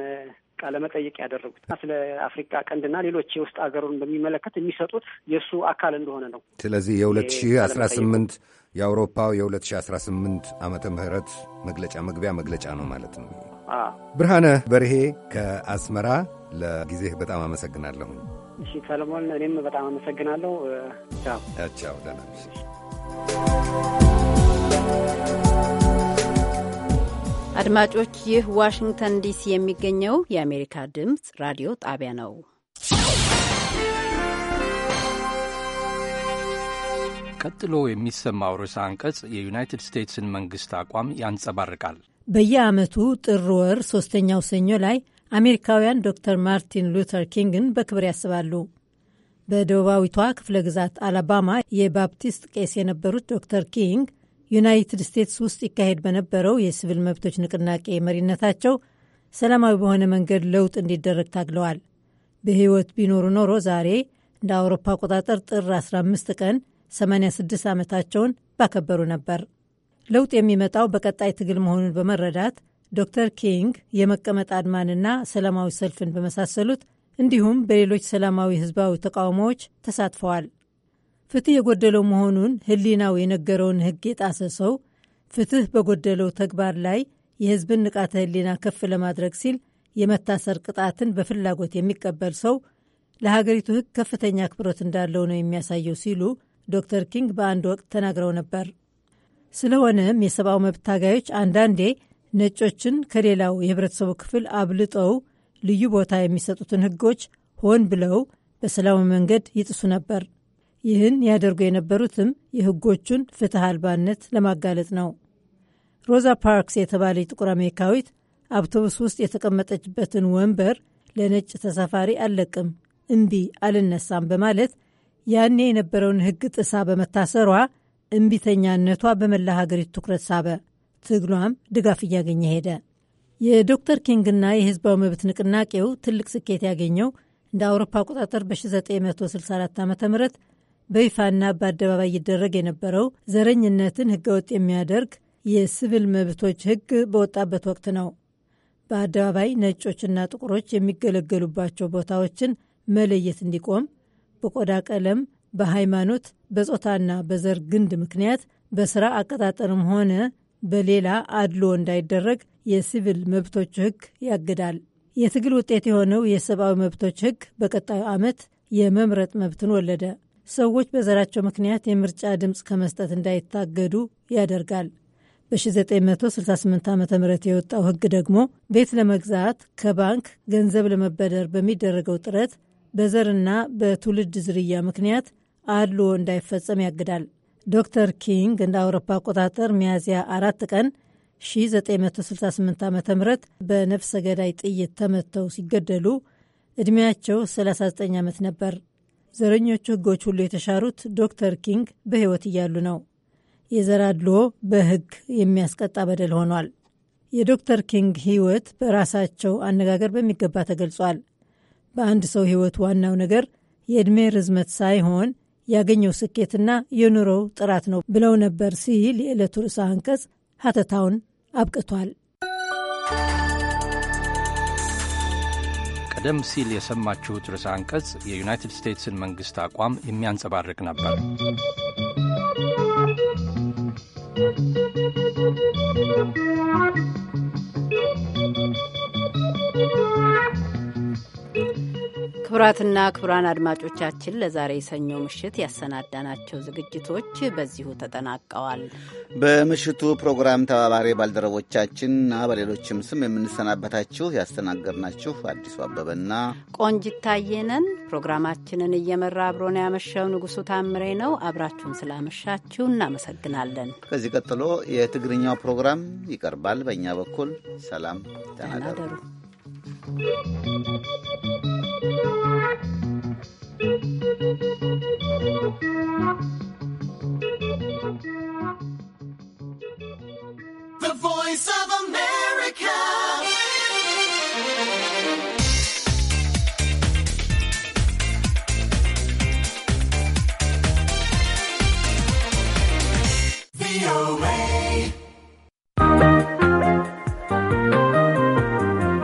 Speaker 11: ቃለ መጠየቅ ያደረጉት። ስለ አፍሪካ ቀንድና ሌሎች የውስጥ ሀገሩን በሚመለከት የሚሰጡት የእሱ አካል እንደሆነ ነው።
Speaker 7: ስለዚህ የሁለት ሺ አስራ ስምንት የአውሮፓው የሁለት ሺ አስራ ስምንት ዓመተ ምህረት መግለጫ መግቢያ መግለጫ ነው ማለት ነው። ብርሃነ በርሄ ከአስመራ ለጊዜህ በጣም አመሰግናለሁ።
Speaker 11: እሺ ሰለሞን፣ እኔም በጣም አመሰግናለሁ። ቻው ቻው። ደህና
Speaker 2: አድማጮች ይህ ዋሽንግተን ዲሲ የሚገኘው የአሜሪካ ድምፅ ራዲዮ ጣቢያ ነው።
Speaker 6: ቀጥሎ የሚሰማው ርዕሰ አንቀጽ የዩናይትድ ስቴትስን መንግስት አቋም ያንጸባርቃል።
Speaker 10: በየዓመቱ ጥር ወር ሦስተኛው ሰኞ ላይ አሜሪካውያን ዶክተር ማርቲን ሉተር ኪንግን በክብር ያስባሉ። በደቡባዊቷ ክፍለ ግዛት አላባማ የባፕቲስት ቄስ የነበሩት ዶክተር ኪንግ ዩናይትድ ስቴትስ ውስጥ ይካሄድ በነበረው የሲቪል መብቶች ንቅናቄ መሪነታቸው ሰላማዊ በሆነ መንገድ ለውጥ እንዲደረግ ታግለዋል። በሕይወት ቢኖሩ ኖሮ ዛሬ እንደ አውሮፓ አቆጣጠር ጥር 15 ቀን 86 ዓመታቸውን ባከበሩ ነበር። ለውጥ የሚመጣው በቀጣይ ትግል መሆኑን በመረዳት ዶክተር ኪንግ የመቀመጥ አድማንና ሰላማዊ ሰልፍን በመሳሰሉት እንዲሁም በሌሎች ሰላማዊ ህዝባዊ ተቃውሞዎች ተሳትፈዋል። ፍትህ የጎደለው መሆኑን ህሊናው የነገረውን ህግ የጣሰ ሰው ፍትህ በጎደለው ተግባር ላይ የህዝብን ንቃተ ህሊና ከፍ ለማድረግ ሲል የመታሰር ቅጣትን በፍላጎት የሚቀበል ሰው ለሀገሪቱ ህግ ከፍተኛ ክብሮት እንዳለው ነው የሚያሳየው ሲሉ ዶክተር ኪንግ በአንድ ወቅት ተናግረው ነበር። ስለሆነም የሰብአዊ መብት ታጋዮች አንዳንዴ ነጮችን ከሌላው የህብረተሰቡ ክፍል አብልጠው ልዩ ቦታ የሚሰጡትን ህጎች ሆን ብለው በሰላማዊ መንገድ ይጥሱ ነበር። ይህን ያደርጉ የነበሩትም የህጎቹን ፍትሕ አልባነት ለማጋለጥ ነው። ሮዛ ፓርክስ የተባለች ጥቁር አሜሪካዊት አውቶቡስ ውስጥ የተቀመጠችበትን ወንበር ለነጭ ተሳፋሪ አልለቅም፣ እምቢ አልነሳም በማለት ያኔ የነበረውን ህግ ጥሳ በመታሰሯ እምቢተኛነቷ በመላ ሀገሪቱ ትኩረት ሳበ። ትግሏም ድጋፍ እያገኘ ሄደ። የዶክተር ኪንግና የህዝባዊ መብት ንቅናቄው ትልቅ ስኬት ያገኘው እንደ አውሮፓ አቆጣጠር በ1964 ዓ ም በይፋና በአደባባይ ይደረግ የነበረው ዘረኝነትን ህገወጥ የሚያደርግ የሲቪል መብቶች ህግ በወጣበት ወቅት ነው። በአደባባይ ነጮችና ጥቁሮች የሚገለገሉባቸው ቦታዎችን መለየት እንዲቆም፣ በቆዳ ቀለም፣ በሃይማኖት፣ በጾታና በዘር ግንድ ምክንያት በስራ አቀጣጠርም ሆነ በሌላ አድሎ እንዳይደረግ የሲቪል መብቶች ህግ ያግዳል። የትግል ውጤት የሆነው የሰብአዊ መብቶች ህግ በቀጣዩ ዓመት የመምረጥ መብትን ወለደ። ሰዎች በዘራቸው ምክንያት የምርጫ ድምፅ ከመስጠት እንዳይታገዱ ያደርጋል። በ1968 ዓ ም የወጣው ህግ ደግሞ ቤት ለመግዛት ከባንክ ገንዘብ ለመበደር በሚደረገው ጥረት በዘርና በትውልድ ዝርያ ምክንያት አድልዎ እንዳይፈጸም ያግዳል። ዶክተር ኪንግ እንደ አውሮፓ አቆጣጠር ሚያዝያ አራት ቀን 1968 ዓ ም በነፍሰ ገዳይ ጥይት ተመተው ሲገደሉ ዕድሜያቸው 39 ዓመት ነበር። ዘረኞቹ ህጎች ሁሉ የተሻሩት ዶክተር ኪንግ በህይወት እያሉ ነው። የዘር አድልዎ በህግ የሚያስቀጣ በደል ሆኗል። የዶክተር ኪንግ ህይወት በራሳቸው አነጋገር በሚገባ ተገልጿል። በአንድ ሰው ሕይወት ዋናው ነገር የዕድሜ ርዝመት ሳይሆን ያገኘው ስኬትና የኑሮው ጥራት ነው ብለው ነበር ሲል የዕለቱ ርዕሰ አንቀጽ ሀተታውን አብቅቷል።
Speaker 6: ቀደም ሲል የሰማችሁት ርዕሰ አንቀጽ የዩናይትድ ስቴትስን መንግሥት አቋም የሚያንጸባርቅ ነበር።
Speaker 2: Thank you. ክቡራትና ክቡራን አድማጮቻችን ለዛሬ የሰኞ ምሽት ያሰናዳናቸው ዝግጅቶች በዚሁ ተጠናቀዋል።
Speaker 1: በምሽቱ ፕሮግራም ተባባሪ ባልደረቦቻችንና በሌሎችም ስም የምንሰናበታችሁ ያስተናገድናችሁ አዲሱ አበበና
Speaker 2: ቆንጂት ታየ ፕሮግራማችንን እየመራ አብሮን ያመሸው ንጉሱ ታምሬ ነው። አብራችሁን ስላመሻችሁ እናመሰግናለን።
Speaker 1: ከዚህ ቀጥሎ የትግርኛው ፕሮግራም ይቀርባል። በእኛ በኩል ሰላም ተናደሩ። The Voice of America.
Speaker 9: The